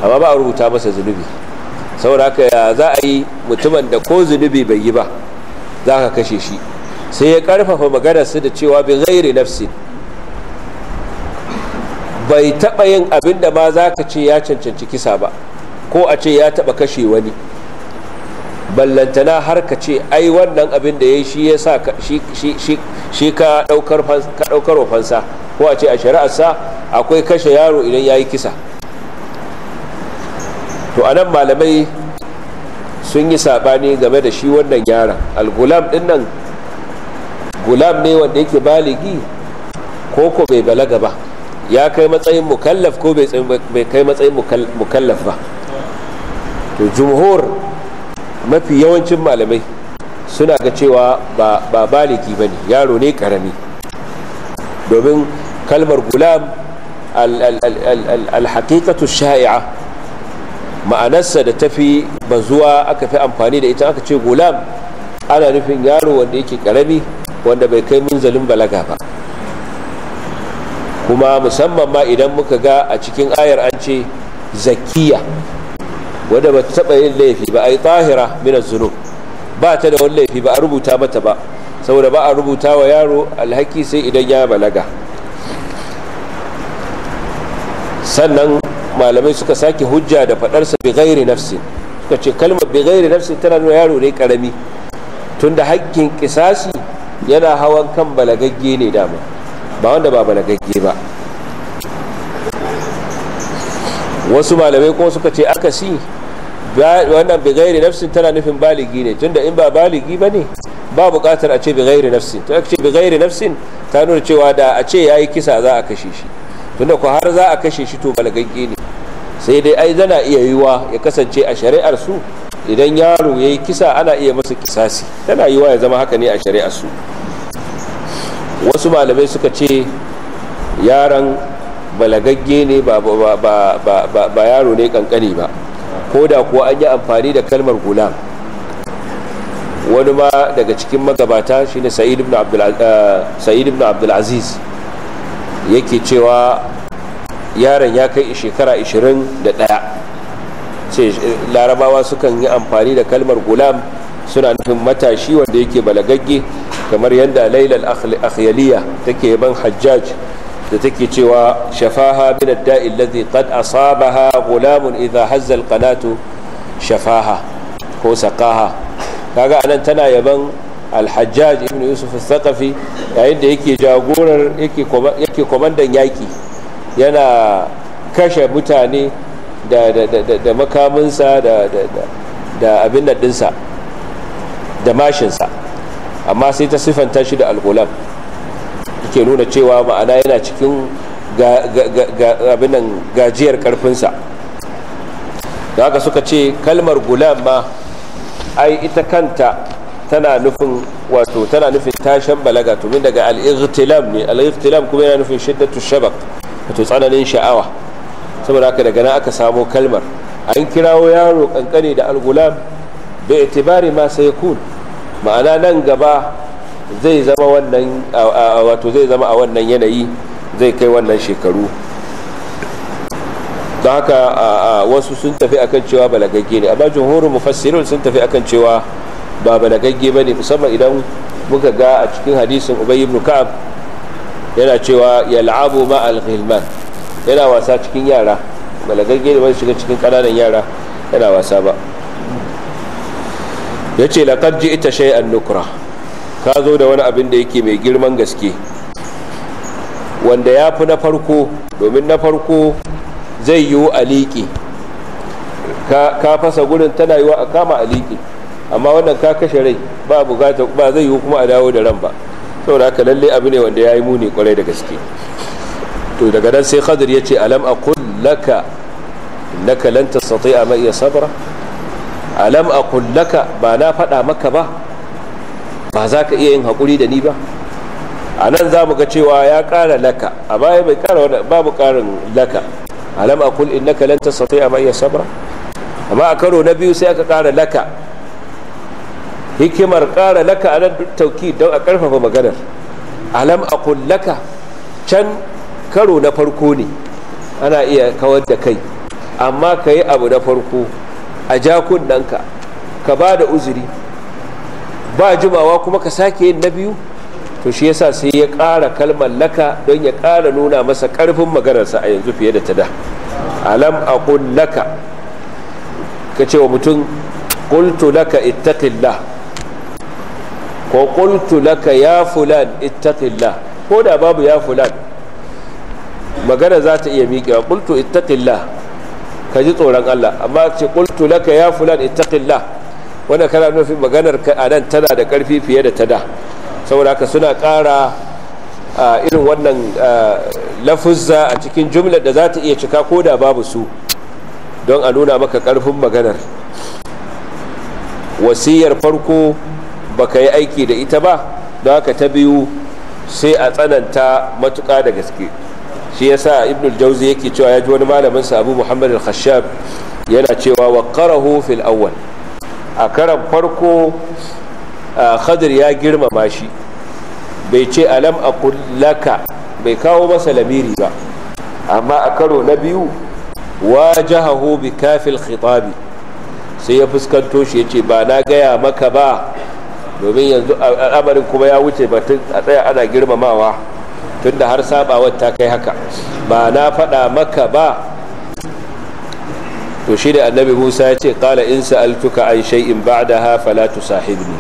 amma ba a rubuta masa zunubi saboda haka ya za a yi mutumin da ko zunubi bai yi ba za ka kashe shi sai ya karfafa maganar da cewa bin ghairi nafsin bai taɓa yin abin da ma za ka ce ya cancanci kisa ba ko a ce ya taba kashe wani ballantana har ka ce ai wannan abin da ya yi shi ya sa shi ka daukar fansa ko a ce a shari'arsa akwai kashe yaro idan ya yi kisa to anan malamai sun yi saɓani game da shi wannan yaron algulam din nan gulam ne wanda yake baligi ko ko bai balaga ba ya kai matsayin mukallaf ko bai kai matsayin mukallaf ba to jumhur mafi yawancin malamai suna ga cewa ba baliki ba ne yaro ne karami domin kalmar gulam alhaƙiƙatu sha'i'a ma'anarsa da tafi bazuwa aka fi amfani da ita aka ce gulam ana nufin yaro wanda yake karami wanda bai kai munzalin balaga ba kuma musamman ma idan muka ga a cikin ayar an ce zakiya wadda ba ta taɓa yin laifi ba a yi tahira minas zunub ba ta da wani laifi ba a rubuta mata ba saboda ba a rubuta wa yaro alhaki sai idan ya balaga sannan malamai suka sake hujja da faɗarsa bi gairi nafsin suka ce kalmar bi gairi nafsin tana nuna yaro ne karami tunda hakkin kisasi yana hawan kan balagagge ne dama ba wanda ba balagagge ba wasu malamai kuma suka ce akasi wannan gairi nafsin tana nufin baligi ne tunda in ba baligi ba ne ba bukatar a ce gairi nafsin to ce gairi nafsin ta nuna cewa da a ce yayi kisa za a kashe shi tunda ko har za a kashe shi to balagagge ne sai dai ai zana iya yiwa ya kasance a shari'ar su idan yaro yayi kisa ana iya masa kisasi tana yiwa ya zama haka ne a shari'ar su wasu malamai suka ce yaron balagagge ne ba yaro ne kankani ba ko da kuwa an yi amfani da kalmar gulam wani ma daga cikin magabata shine sa'id ibn abdulaziz eh, yake cewa yaron ya kai shekara 21 ce larabawa sukan yi amfani da kalmar gulam suna nufin matashi wanda yake balagagge kamar yadda lailal akhyaliya take ban hajjaj da take cewa shafaha min dai allazi qad asabaha gulamun idha hazza al shafaha ko saqaha kaga anan tana yaban al-hajjaj ibn yusuf al-thaqafi yayin da yake jagorar yake yake komandan yaki yana kashe mutane da da da makaminsa da da da abin da dinsa da mashinsa amma sai ta sifanta shi da al-ghulam yake nuna cewa ma'ana yana cikin abinan gajiyar karfinsa da haka suka ce kalmar gulam ma ai ita kanta tana nufin wato tana nufin tashan balaga to min daga al-ightilam ne al-ightilam kuma yana nufin shiddatu shabak wato tsananin sha'awa saboda haka daga nan aka samo kalmar an kirawo yaro kankane da al-gulam bi itibari ma sayakun ma'ana nan gaba zai zama wannan wato zai zama a wannan yanayi zai kai wannan shekaru don haka wasu sun tafi akan cewa balagagge ne amma jumhurin mufassirin sun tafi akan cewa ba balagagge ba ne musamman idan muka ga a cikin hadisin ubayi ibn ka'ab yana cewa yal'abu ma al-ghilman yana wasa cikin yara balagagge ne ba shiga cikin kananan yara yana wasa ba yace ita shai shay'an nukura ka zo da wani abin da yake mai girman gaske wanda ya fi na farko domin na farko zai yiwu a liƙi ka fasa gurin tana yiwu a kama a liƙi amma wannan ka kashe rai ba bukata ba zai yiwu kuma a dawo da ran ba saboda haka lalle abu ne wanda ya yi muni kwarai da gaske to daga nan sai khadir ya ce alam a kullaka na kalanta tastati'a ma iya sabra alam aqul laka ba na faɗa maka ba ba za ka iya yin haƙuri da ni ba a nan za mu ga cewa ya ƙara laka a baya bai ƙara babu ƙarin laka alam aqul innaka lan tastati'a ma iya sabra amma a karo na biyu sai aka ƙara laka hikimar ƙara laka a nan duk tauki don a ƙarfafa maganar alam aqul laka can karo na farko ne ana iya kawar da kai amma ka yi abu na farko a ja ka ba da uzuri ba jimawa kuma ka sake yin na biyu to shi yasa sai ya ƙara kalmar laka don ya ƙara nuna masa ƙarfin maganarsa a yanzu fiye da ta da alam kun laka ka ce wa mutum qultu laka ittaqillah ko qultu laka ya fulan ittaqillah ko da babu ya fulan magana za ta iya miƙewa qultu ittaqillah ka ji tsoron Allah amma ce qultu laka ya fulan ittaqillah wanda kana nufin maganar ka anan tana da karfi fiye da ta da saboda haka suna ƙara irin wannan lafuzza a cikin jumlar da za ta iya cika ko da babu su don a nuna maka karfin maganar wasiyar farko baka yi aiki da ita ba don haka ta biyu sai a tsananta matuƙa da gaske shi sa ibnul jauzi yake cewa ya ji wani malamin sa abu muhammad al-khashab yana cewa wa qarahu fil awwal a karan farko khadir ya girmama shi bai ce alam aqul laka bai kawo masa lamiri ba amma a karo na biyu wajahahu bi kafil khitab sai ya fuskanto shi yace ba na gaya maka ba domin yanzu al'amarin kuma ya wuce batun a tsaya ana girmamawa tunda har sabawar ta kai haka ba na faɗa maka ba to shi da annabi musa ya ce ƙala in sa'altuka an shay'in ba'daha fala tusahibni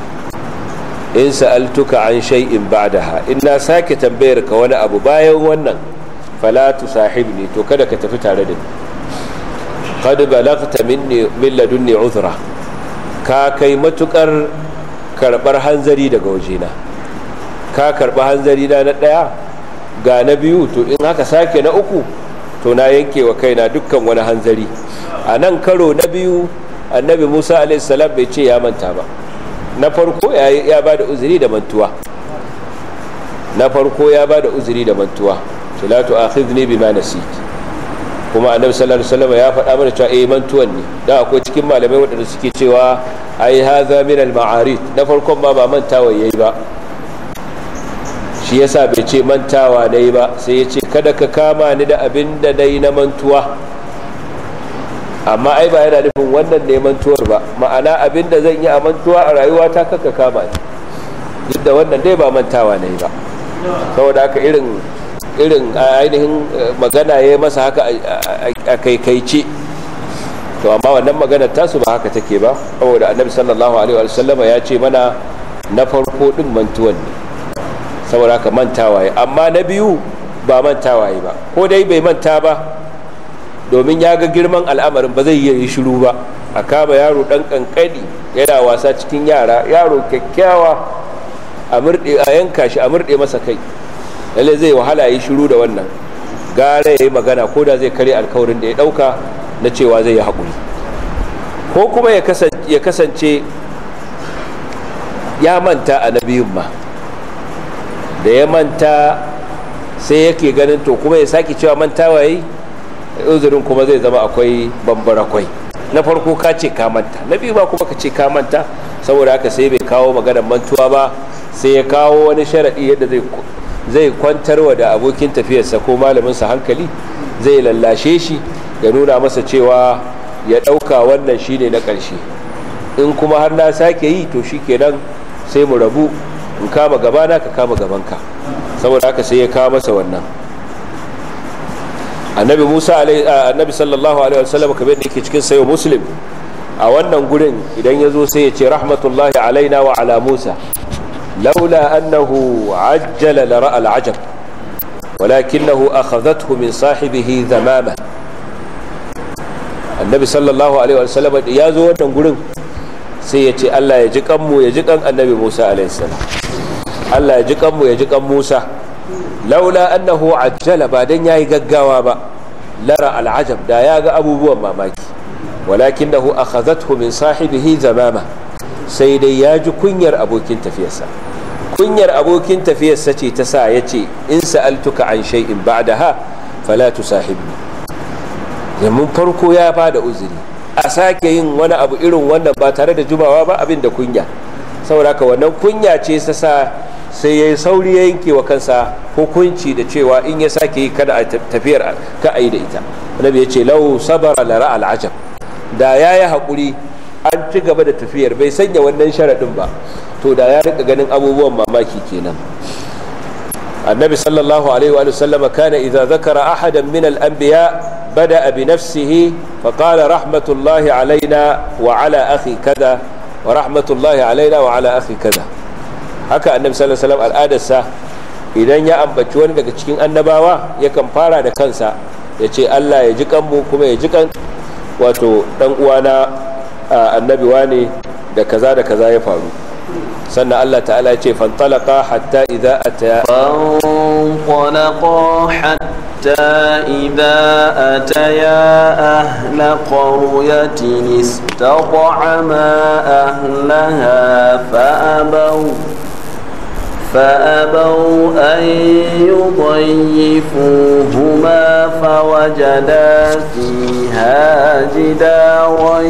in sa'altuka an shay'in ba'daha in na sake tambayar ka wani abu bayan wannan fala tusahibni to kada ka tafi tare da ni qad balaghta minni min ladunni uzra ka kai matukar karbar hanzari daga wajena ka karba hanzari da na daya ga na biyu to in haka sake na uku to na yanke wa kaina dukkan wani hanzari a nan karo na biyu annabi musa alaihissalam bai ce ya manta ba na farko ya ba da uzuri da mantuwa na farko ya ba da uzuri da mantuwa salatu akhidni bima nasi. kuma annabi sallallahu alaihi wasallam ya faɗa mana cewa eh mantuwan ne da akwai cikin malamai waɗanda suke cewa ai hadha min al ma'arid na farkon ma ba mantawa yayi ba shi yasa bai ce mantawa na yi ba sai ya ce kada ka kama ni da abin da na yi na mantuwa amma ai ba yana nufin wannan ne mantuwar ba ma'ana abin da zan yi a mantuwa a rayuwa ta kaka kama ni duk da wannan dai ba mantawa na yi ba saboda haka irin irin ainihin eh, magana ya masa haka a kaikaice to amma wannan magana tasu ba haka take ba saboda annabi sallallahu alaihi sallama ya ce mana na farko din mantuwan ne saboda haka manta waye amma na biyu ba manta waye ba ko dai bai manta ba domin ya ga girman al'amarin ba zai yi shiru ba a kama yaro dan kankani yana wasa cikin yara yaro kyakkyawa a murde a yanka shi a murde masa kai lalle zai wahala yi shiru da wannan gara ya yi magana ko da zai kare alkawarin da ya ɗauka na cewa zai yi haƙuri ko kuma ya kasance ya manta a nabiyin ma da ya manta sai yake ganin to kuma ya sake cewa manta waye uzurin kuma zai zama akwai bambara kwai na farko ka ce ka manta na biyu ba kuma ka ce ka manta saboda haka sai bai kawo maganar mantuwa ba sai ya kawo wani sharaɗi yadda zai zai kwantarwa da abokin tafiyarsa ko malaminsa hankali zai lallashe shi ya nuna masa cewa ya ɗauka wannan shine na ƙarshe in kuma har na sake yi to shi kenan sai mu rabu in kama gabana ka kama gabanka saboda haka sai ya kawo masa wannan annabi musa annabi sallallahu alaihi wasallam kamar da yake cikin sayo muslim a wannan gurin idan ya zo sai ya ce rahmatullahi alaina wa ala musa laula annahu ajjala la ra'a al'ajab walakinahu akhadhathu min sahibihi dhamama annabi sallallahu alaihi wasallam ya zo wannan gurin sai ya ce Allah ya ji kanmu ya ji kan annabi Musa alaihissalam Allah ya ji kanmu ya ji kan Musa laula annahu ajjala ba dan yayi gaggawa ba lara al'ajab da ya ga abubuwan mamaki walakin dahu akhazathu min sahibihi zamama sai dai ya ji kunyar abokin tafiyarsa kunyar abokin tafiyarsa ce ta sa ya ce in sa'altuka an shay'in ba'daha fala tusahibni da mun farko ya bada uzuri a sake yin wani abu irin wannan ba tare da jumawa ba abin da kunya saboda ka wannan kunya ce ta sa sai ya yi sauri ya yanke wa kansa hukunci da cewa in ya sake yi kada a tafiyar ka a yi da ita annabi ya ce lau sabara lara al'ajab da ya yi haƙuri an ci gaba da tafiyar bai sanya wannan sharaɗin ba to da ya rika ganin abubuwan mamaki kenan النبي صلى الله عليه وآله وسلم كان إذا ذكر أحدا من الأنبياء بدأ بنفسه فقال رحمة الله علينا وعلى أخي كذا ورحمة الله علينا وعلى أخي كذا هكا النبي صلى الله عليه وسلم الآدسة idan ya ambaci wani daga cikin annabawa yakan fara da kansa ya ce allah ya ji kanmu kuma ya ji kan wato dan uwana annabi wane da kaza da kaza ya faru سنة الله تعالى يجي فانطلقا حتى إذا أتى فانطلقا حتى إذا أتيا أهل قرية استطعما أهلها فأبوا فأبوا أن يضيفوهما فوجدا فيها جدارا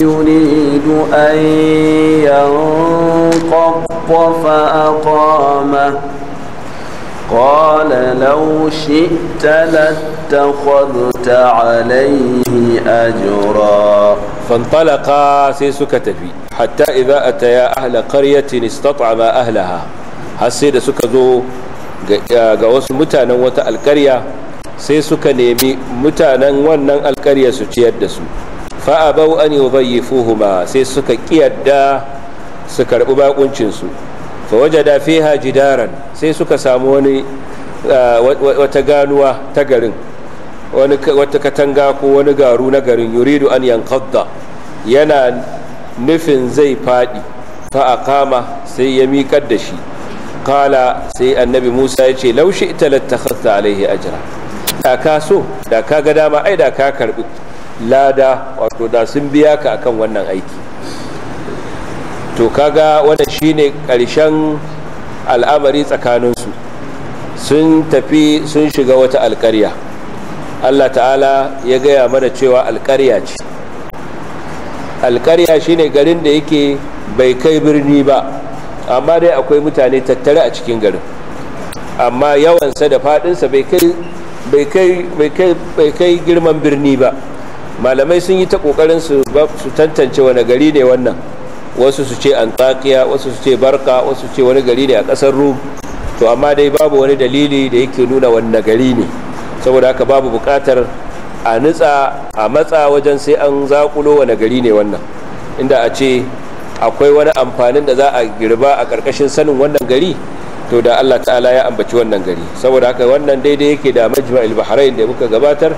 يريد أن ينقض فأقامه قال لو شئت لاتخذت عليه أجرا فانطلقا سيسكت حتى إذا أتيا أهل قرية استطعما أهلها har sai da suka zo ga wasu mutanen wata alkarya sai suka nemi mutanen wannan alkarya su ciyar da su fa'abau an yi fuhuma sai suka kiyarda su karɓi bakuncinsu fa waje da fi haji daren sai suka samu wani wata ganuwa ta garin wata katanga ko wani garu na garin yuridu an yankadda yana nufin zai faɗi fa a kama sai ya miƙar da shi kala sai annabi musa ya ce laushi ita lattakhasta alaihi ajira da ka so da ka ga dama ai da ka karbi lada wato da sun biya ka akan wannan aiki to kaga wannan shine karshen al'amari tsakaninsu sun tafi sun shiga wata alkarya allah ta'ala ya gaya mana cewa alkarya ce alkarya shine garin da yake bai kai birni ba amma dai akwai mutane tattare a cikin garin amma yawansa da faɗinsa bai kai girman birni ba malamai sun yi ta ƙoƙarin su tantance wani gari ne wannan wasu su ce antakiya wasu su ce barka wasu su ce wani gari ne a ƙasar rum to amma dai babu wani dalili da yake nuna wani gari ne saboda haka babu buƙatar a nutsa a matsa wajen sai an zaƙulo wani gari ne wannan inda a ce akwai wani amfanin da za a girba a ƙarƙashin sanin wannan gari to da Allah ta'ala ya ambaci wannan gari saboda haka wannan daidai yake da majma'il bahrain da muka gabatar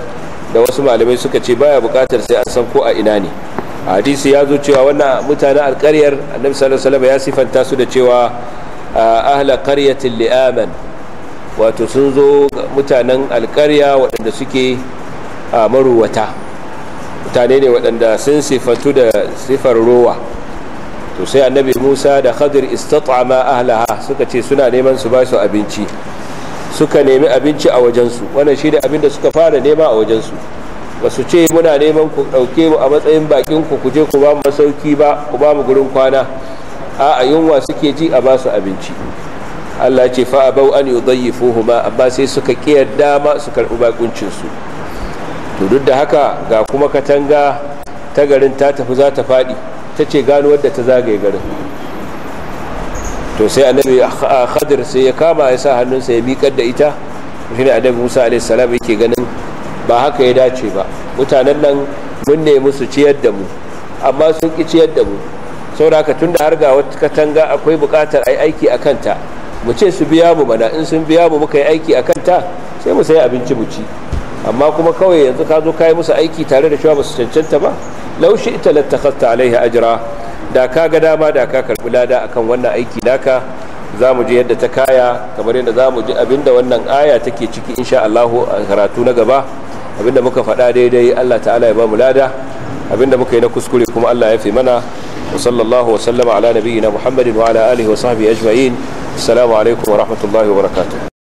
da wasu malamai suka ce baya buƙatar sai an san ko a ina ne hadisi ya zo cewa wannan mutanen alƙaryar annabi sallallahu alaihi ya sifanta su da cewa ah, ahla qaryatin li'aman wato sun zo mutanen alƙarya waɗanda suke ah, maruwata mutane ne waɗanda sun sifatu da sifar rowa to sai annabi musa da khadir istat'ama ahlaha suka ce suna neman su ba su abinci suka nemi abinci a wajensu wannan shi da abin da suka fara nema a wajensu ba su ce muna neman ku ɗauke mu a matsayin bakin ku kuje ku ba mu masauki ba ku ba mu gurin kwana a yunwa suke ji a ba su abinci Allah ce fa abau an fuhuma amma sai suka kiyar ma su karɓi bakuncinsu. su to duk da haka ga kuma katanga ta garin ta tafi za ta faɗi ta ce gano wadda ta zagaye garin to sai annabi khadir sai ya kama ya sa hannunsa ya miƙar da ita shi ne annabi musa a.s. yake ganin ba haka ya dace ba mutanen nan mun nemi su ciyar da mu amma sun ƙi ciyar da mu saboda haka tun har ga wata katanga akwai buƙatar ai aiki a kanta mu ce su biya mu bana in sun biya mu muka yi aiki a kanta sai mu sai abinci mu ci amma kuma kawai yanzu ka zo kayi musu aiki tare da cewa ba su cancanta ba laushi ita lattakhadta alaiha ajira da ka ga dama da ka karbi lada akan wannan aiki naka za mu je yadda ta kaya kamar yadda za mu ji abinda wannan aya take ciki insha Allah a karatu na gaba abinda muka faɗa daidai Allah ta'ala ya ba mu lada abinda muka yi na kuskure kuma Allah ya fi mana wa sallallahu wa sallama ala nabiyyina Muhammadin wa ala alihi wa sahbihi ajma'in assalamu alaikum wa rahmatullahi wa barakatuh